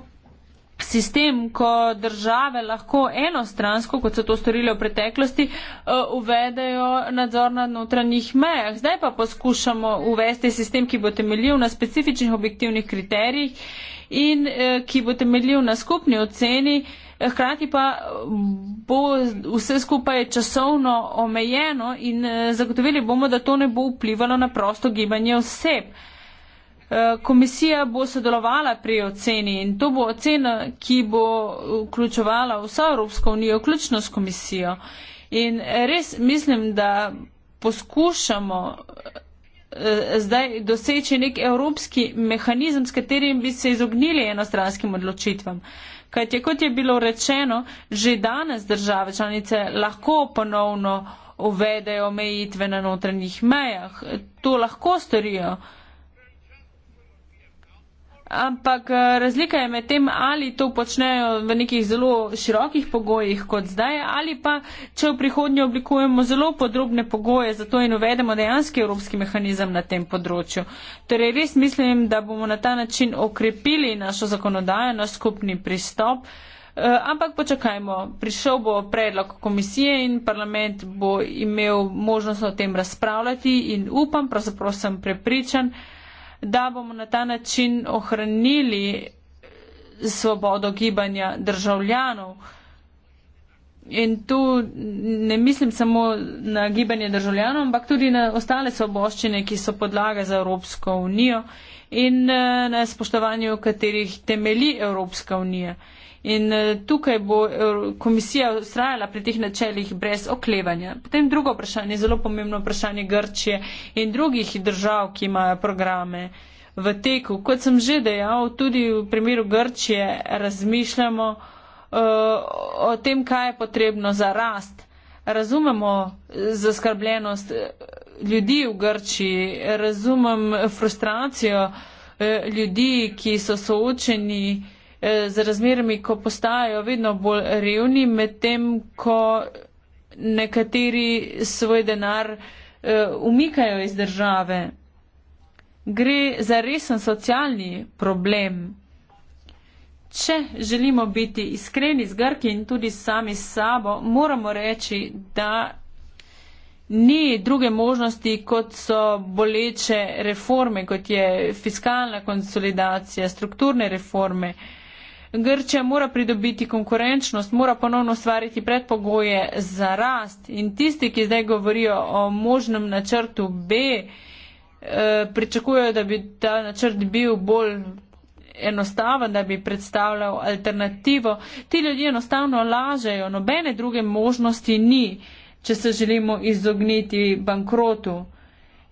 sistem, ko države lahko enostransko, kot so to storile v preteklosti, eh, uvedejo nadzor na notranjih mejah. Zdaj pa poskušamo uvesti sistem, ki bo temeljil na specifičnih objektivnih kriterijih in eh, ki bo temeljil na skupni oceni, hkrati pa bo vse skupaj časovno omejeno in eh, zagotovili bomo, da to ne bo vplivalo na prosto gibanje oseb. Eh, komisija bo sodelovala pri oceni in to bo ocena, ki bo vključovala vsa Evropska unija, vključno s komisijo. In res mislim, da poskušamo eh, zdaj doseči nek evropski mehanizem, s katerim bi se izognili enostranskim odločitvam. Kajti, kot je bilo rečeno, že danes države članice lahko ponovno uvedejo omejitve na notranjih mejah. To lahko storijo. Ampak eh, razlika je med tem, ali to počnejo v nekih zelo širokih pogojih kot zdaj, ali pa če v prihodnje oblikujemo zelo podrobne pogoje za to in uvedemo dejanski evropski mehanizem na tem področju. Torej res mislim, da bomo na ta način okrepili našo zakonodajo, naš skupni pristop. Eh, ampak počakajmo, prišel bo predlog komisije in parlament bo imel možnost o tem razpravljati in upam, pravzaprav sem prepričan, da bomo na ta način ohranili svobodo gibanja državljanov. In tu ne mislim samo na gibanje državljanov, ampak tudi na ostale soboščine, ki so podlaga za Evropsko unijo in eh, na spoštovanju katerih temeli Evropska unija. In eh, tukaj bo eh, komisija ustrajala pri teh načeljih brez oklevanja. Potem drugo vprašanje, zelo pomembno vprašanje Grčije in drugih držav, ki imajo programe v teku. Kot sem že dejal, tudi v primeru Grčije razmišljamo uh, o tem, kaj je potrebno za rast. Razumemo zaskrbljenost ljudi v Grčiji, razumem frustracijo uh, ljudi, ki so soočeni. Eh, z razmerami, ko postajajo vedno bolj revni, medtem ko nekateri svoj denar eh, umikajo iz države. Gre za resen socialni problem. Če želimo biti iskreni z Grki in tudi sami s sabo, moramo reči, da ni druge možnosti, kot so boleče reforme, kot je fiskalna konsolidacija, strukturne reforme, eh, Grčija mora pridobiti konkurenčnost, mora ponovno ustvariti predpogoje za rast in tisti, ki zdaj govorijo o možnem načrtu B, eh, pričakujejo, da bi ta načrt bil bolj enostaven, da bi predstavljal alternativo. Ti ljudje enostavno lažejo, nobene druge možnosti ni, če se želimo izogniti bankrotu.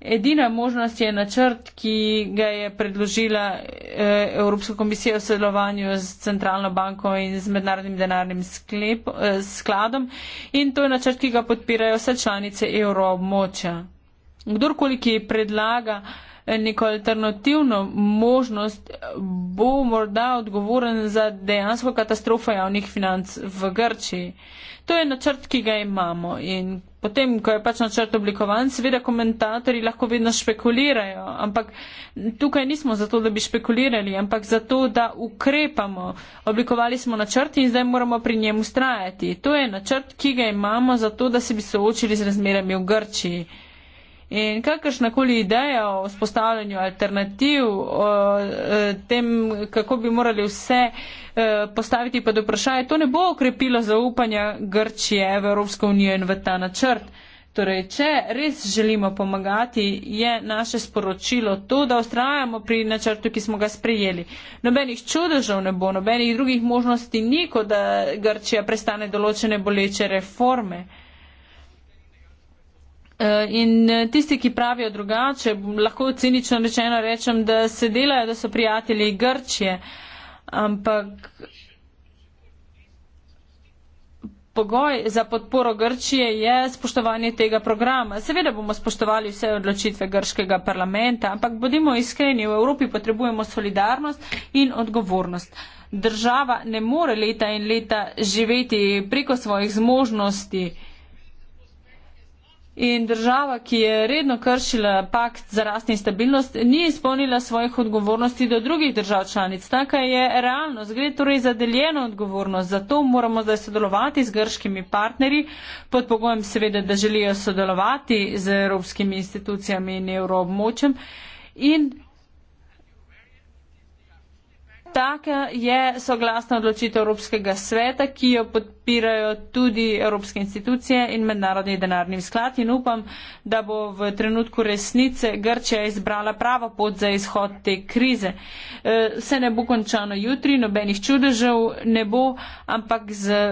Edina možnost je načrt, ki ga je predložila eh, Evropska komisija v sodelovanju z Centralno banko in z Mednarodnim denarnim sklep, eh, skladom in to je načrt, ki ga podpirajo vse članice evroobmoča. Kdorkoli, ki predlaga eh, neko alternativno možnost, bo morda odgovoren za dejansko katastrofo javnih financ v Grčiji. To je načrt, ki ga imamo in potem, ko je pač načrt oblikovan, seveda komentatorji lahko vedno špekulirajo, ampak tukaj nismo zato, da bi špekulirali, ampak zato, da ukrepamo. Oblikovali smo načrt in zdaj moramo pri njem ustrajati. To je načrt, ki ga imamo zato, da se bi soočili z razmerami v Grčiji. In kakršna koli ideja o vzpostavljanju alternativ, o, o e, tem, kako bi morali vse o, e, postaviti pod vprašanje, to ne bo okrepilo zaupanja Grčije v Evropsko unijo in v ta načrt. Torej, če res želimo pomagati, je naše sporočilo to, da ustrajamo pri načrtu, ki smo ga sprejeli. Nobenih čudežev ne bo, nobenih drugih možnosti ni, ko da Grčija prestane določene boleče reforme. Eh, in eh, tisti, ki pravijo drugače, lahko cinično rečeno rečem, da se delajo, da so prijatelji Grčije, ampak pogoj za podporo Grčije je spoštovanje tega programa. Seveda bomo spoštovali vse odločitve grškega parlamenta, ampak bodimo iskreni, v Evropi potrebujemo solidarnost in odgovornost. Država ne more leta in leta živeti preko svojih zmožnosti in država, ki je redno kršila pakt za rastni stabilnost, ni izpolnila svojih odgovornosti do drugih držav članic. Taka je realnost, gre torej za deljeno odgovornost. Zato moramo zdaj sodelovati z grškimi partnerji, pod pogojem seveda, da želijo sodelovati z evropskimi institucijami in evroobmočjem. In Taka je soglasna odločitev Evropskega sveta, ki jo podpirajo tudi Evropske institucije in mednarodni denarni sklad in upam, da bo v trenutku resnice Grčija izbrala pravo pot za izhod te krize. E, vse ne bo končano jutri, nobenih čudežev ne bo, ampak z.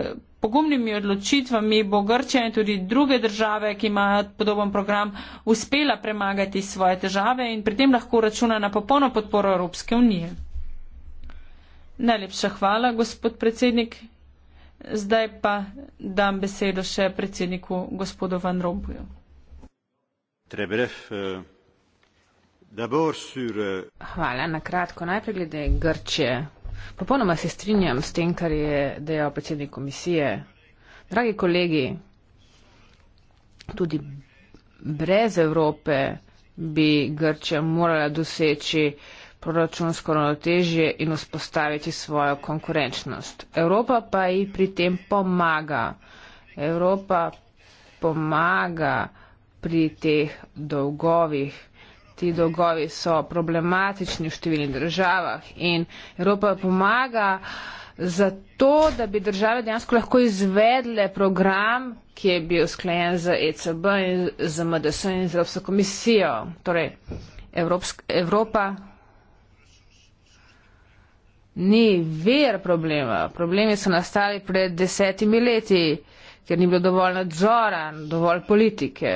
Pogumnimi odločitvami bo Grčija in tudi druge države, ki imajo podoben program, uspela premagati svoje težave in pri tem lahko računa na popolno podporo Evropske unije. Najlepša hvala, gospod predsednik. Zdaj pa dam besedo še predsedniku gospodu Van Rompuju. Euh, euh, hvala na kratko. Najprej glede Grče. Popolnoma se strinjam s tem, kar je dejal predsednik komisije. Dragi kolegi, tudi brez Evrope bi Grča morala doseči proračunsko ravnotežje in vzpostaviti svojo konkurenčnost. Evropa pa ji pri tem pomaga. Evropa pomaga pri teh dolgovih. Ti dolgovi so problematični v številnih državah in Evropa pomaga zato, da bi države dejansko lahko izvedle program, ki je bil sklenjen z ECB in z MDS in z Evropsko komisijo. Torej, Evropsk, Evropa ni vir problema. Problemi so nastali pred desetimi leti, ker ni bilo dovolj nadzora, dovolj politike.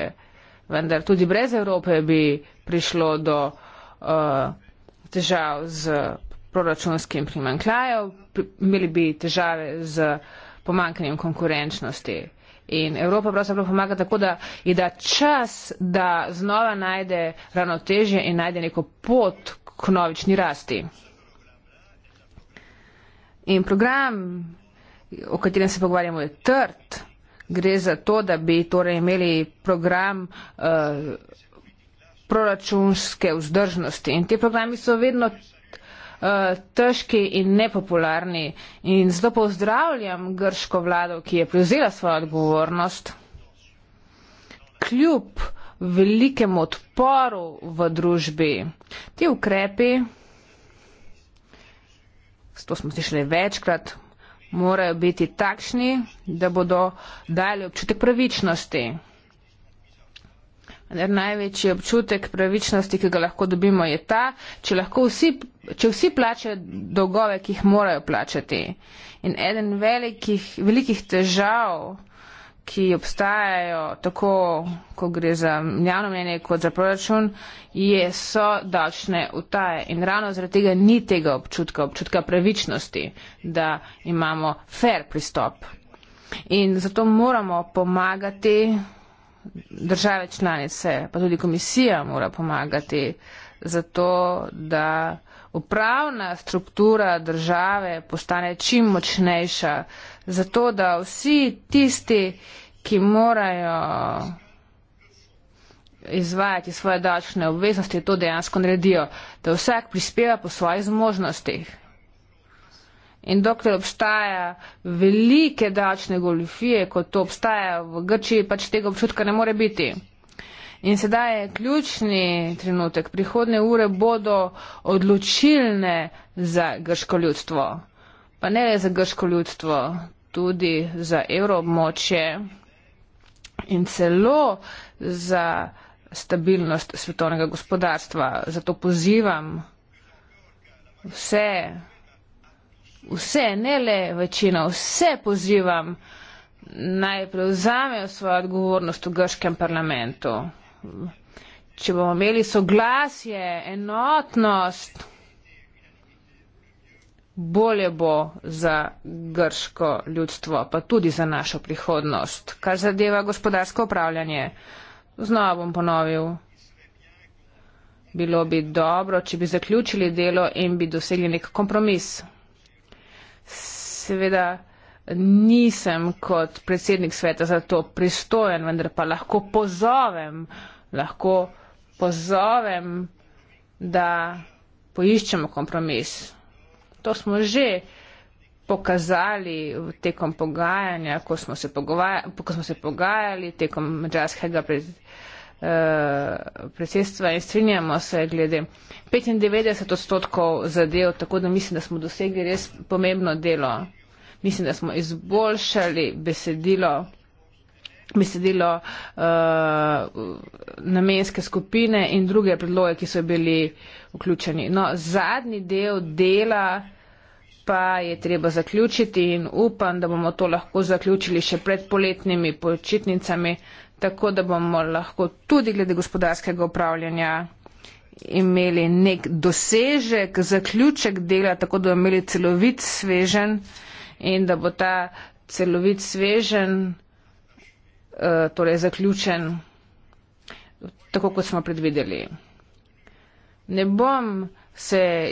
Vendar tudi brez Evrope bi prišlo do uh, težav z proračunskim primankljajem, imeli bi težave z pomankanjem konkurenčnosti. In Evropa pravzaprav pomaga tako, da je da čas, da znova najde ravnotežje in najde neko pot k novični rasti. In program, o katerem se pogovarjamo, je trd. Gre za to, da bi torej imeli program uh, proračunske vzdržnosti. In ti programi so vedno eh, težki in nepopularni. In zato pozdravljam grško vlado, ki je prevzela svojo odgovornost, kljub velikemu odporu v družbi. Ti ukrepi to smo slišali večkrat, morajo biti takšni, da bodo dali občutek pravičnosti. Ker največji občutek pravičnosti, ki ga lahko dobimo, je ta, če, vsi, če vsi plačajo dolgove, ki jih morajo plačati. In eden velikih, velikih težav ki obstajajo tako, ko gre za javno mnenje, kot za proračun, je, so davčne utaje. In ravno zaradi tega ni tega občutka, občutka pravičnosti, da imamo fair pristop. In zato moramo pomagati, države članice, pa tudi komisija mora pomagati, zato da upravna struktura države postane čim močnejša, zato da vsi tisti, ki morajo izvajati svoje davčne obveznosti, to dejansko naredijo, da vsak prispeva po svojih zmožnostih. In dokler obstaja velike davčne goljufije, kot to obstaja v Grčiji, pač tega občutka ne more biti. In sedaj je ključni trenutek. Prihodne ure bodo odločilne za grško ljudstvo. Pa ne le za grško ljudstvo, tudi za evroobmočje in celo za stabilnost svetovnega gospodarstva. Zato pozivam vse, vse, ne le večino, vse pozivam naj prevzamejo svojo odgovornost v grškem parlamentu če bomo imeli soglasje, enotnost, bolje bo za grško ljudstvo, pa tudi za našo prihodnost, kar zadeva gospodarsko upravljanje. Znova bom ponovil. Bilo bi dobro, če bi zaključili delo in bi dosegli nek kompromis. Seveda nisem kot predsednik sveta za to pristojen, vendar pa lahko pozovem, lahko pozovem, da poiščemo kompromis. To smo že pokazali tekom pogajanja, ko smo se, pogovaja, ko smo se pogajali tekom mađarskega pred, eh, predsedstva in strinjamo se glede 95 odstotkov zadev, tako da mislim, da smo dosegli res pomembno delo mislim, da smo izboljšali besedilo, besedilo uh, namenske skupine in druge predloge, ki so bili vključeni. No, zadnji del dela pa je treba zaključiti in upam, da bomo to lahko zaključili še pred poletnimi počitnicami, tako da bomo lahko tudi glede gospodarskega upravljanja imeli nek dosežek, zaključek dela, tako da bomo imeli celovit svežen in da bo ta celovit svežen, eh, torej zaključen, tako kot smo predvideli. Ne bom se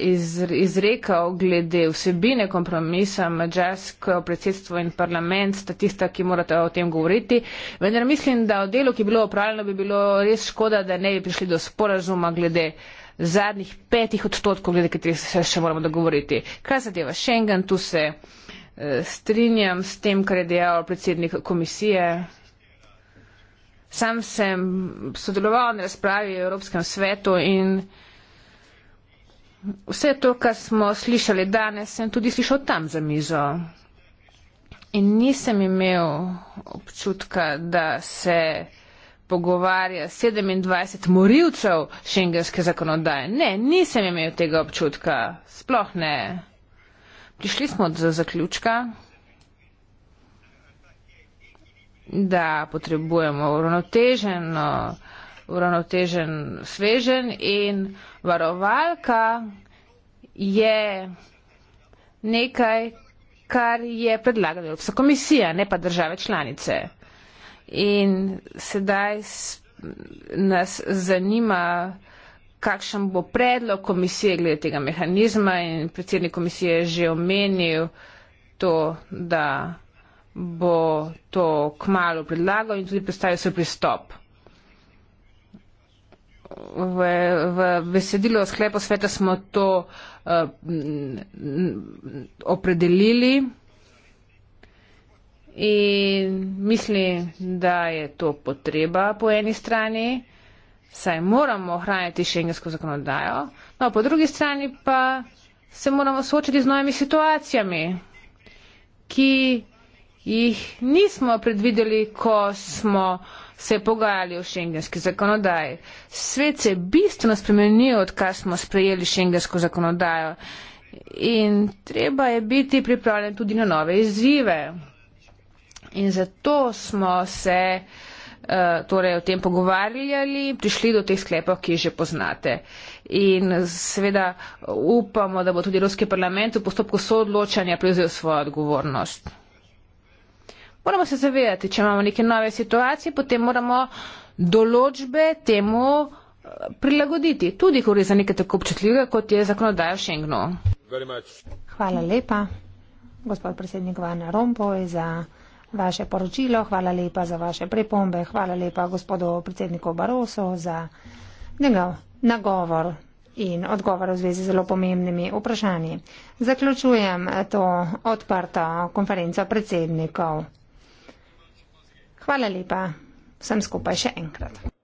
izrekal glede vsebine kompromisa, mađarsko predsedstvo in parlament sta tista, ki morate o tem govoriti, vendar mislim, da o delu, ki je bilo opravljeno, bi bilo res škoda, da ne bi prišli do sporazuma glede zadnjih petih odstotkov, glede katerih se še moramo dogovoriti. Kar zadeva Schengen, tu se uh, strinjam s tem, kar je dejal predsednik komisije. Sam sem sodeloval na razpravi v Evropskem svetu in vse to, kar smo slišali danes, sem tudi slišal tam za mizo. In nisem imel občutka, da se pogovarja 27 morilcev šengenske zakonodaje. Ne, nisem imel tega občutka. Sploh ne. Prišli smo do zaključka, da potrebujemo uravnotežen, no, uravnotežen svežen in varovalka je nekaj, kar je predlagala Evropska komisija, ne pa države članice. In sedaj nas zanima, kakšen bo predlog komisije glede tega mehanizma in predsednik komisije je že omenil to, da bo to kmalo predlagal in tudi predstavil svoj pristop. V, v besedilo sklepa sveta smo to uh, opredelili in mislim, da je to potreba po eni strani saj moramo ohranjati šengensko zakonodajo, no po drugi strani pa se moramo soočiti z novimi situacijami, ki jih nismo predvideli, ko smo se pogajali o šengenski zakonodaji. Svet se je bistveno spremenil, odkar smo sprejeli šengensko zakonodajo in treba je biti pripravljen tudi na nove izzive. In zato smo se uh, Eh, torej o tem pogovarjali, prišli do teh sklepov, ki že poznate. In seveda upamo, da bo tudi Ruski parlament v postopku soodločanja prevzel svojo odgovornost. Moramo se zavedati, če imamo neke nove situacije, potem moramo določbe temu eh, prilagoditi, tudi ko gre za nekaj tako občutljivega, kot je zakonodaja v Schengenu. Hvala lepa, gospod predsednik Vana Rompo, za vaše poročilo, hvala lepa za vaše prepombe, hvala lepa gospodu predsedniku Baroso za njegov nagovor in odgovor v zvezi z zelo pomembnimi vprašanji. Zaključujem to odprto konferenco predsednikov. Hvala lepa vsem skupaj še enkrat.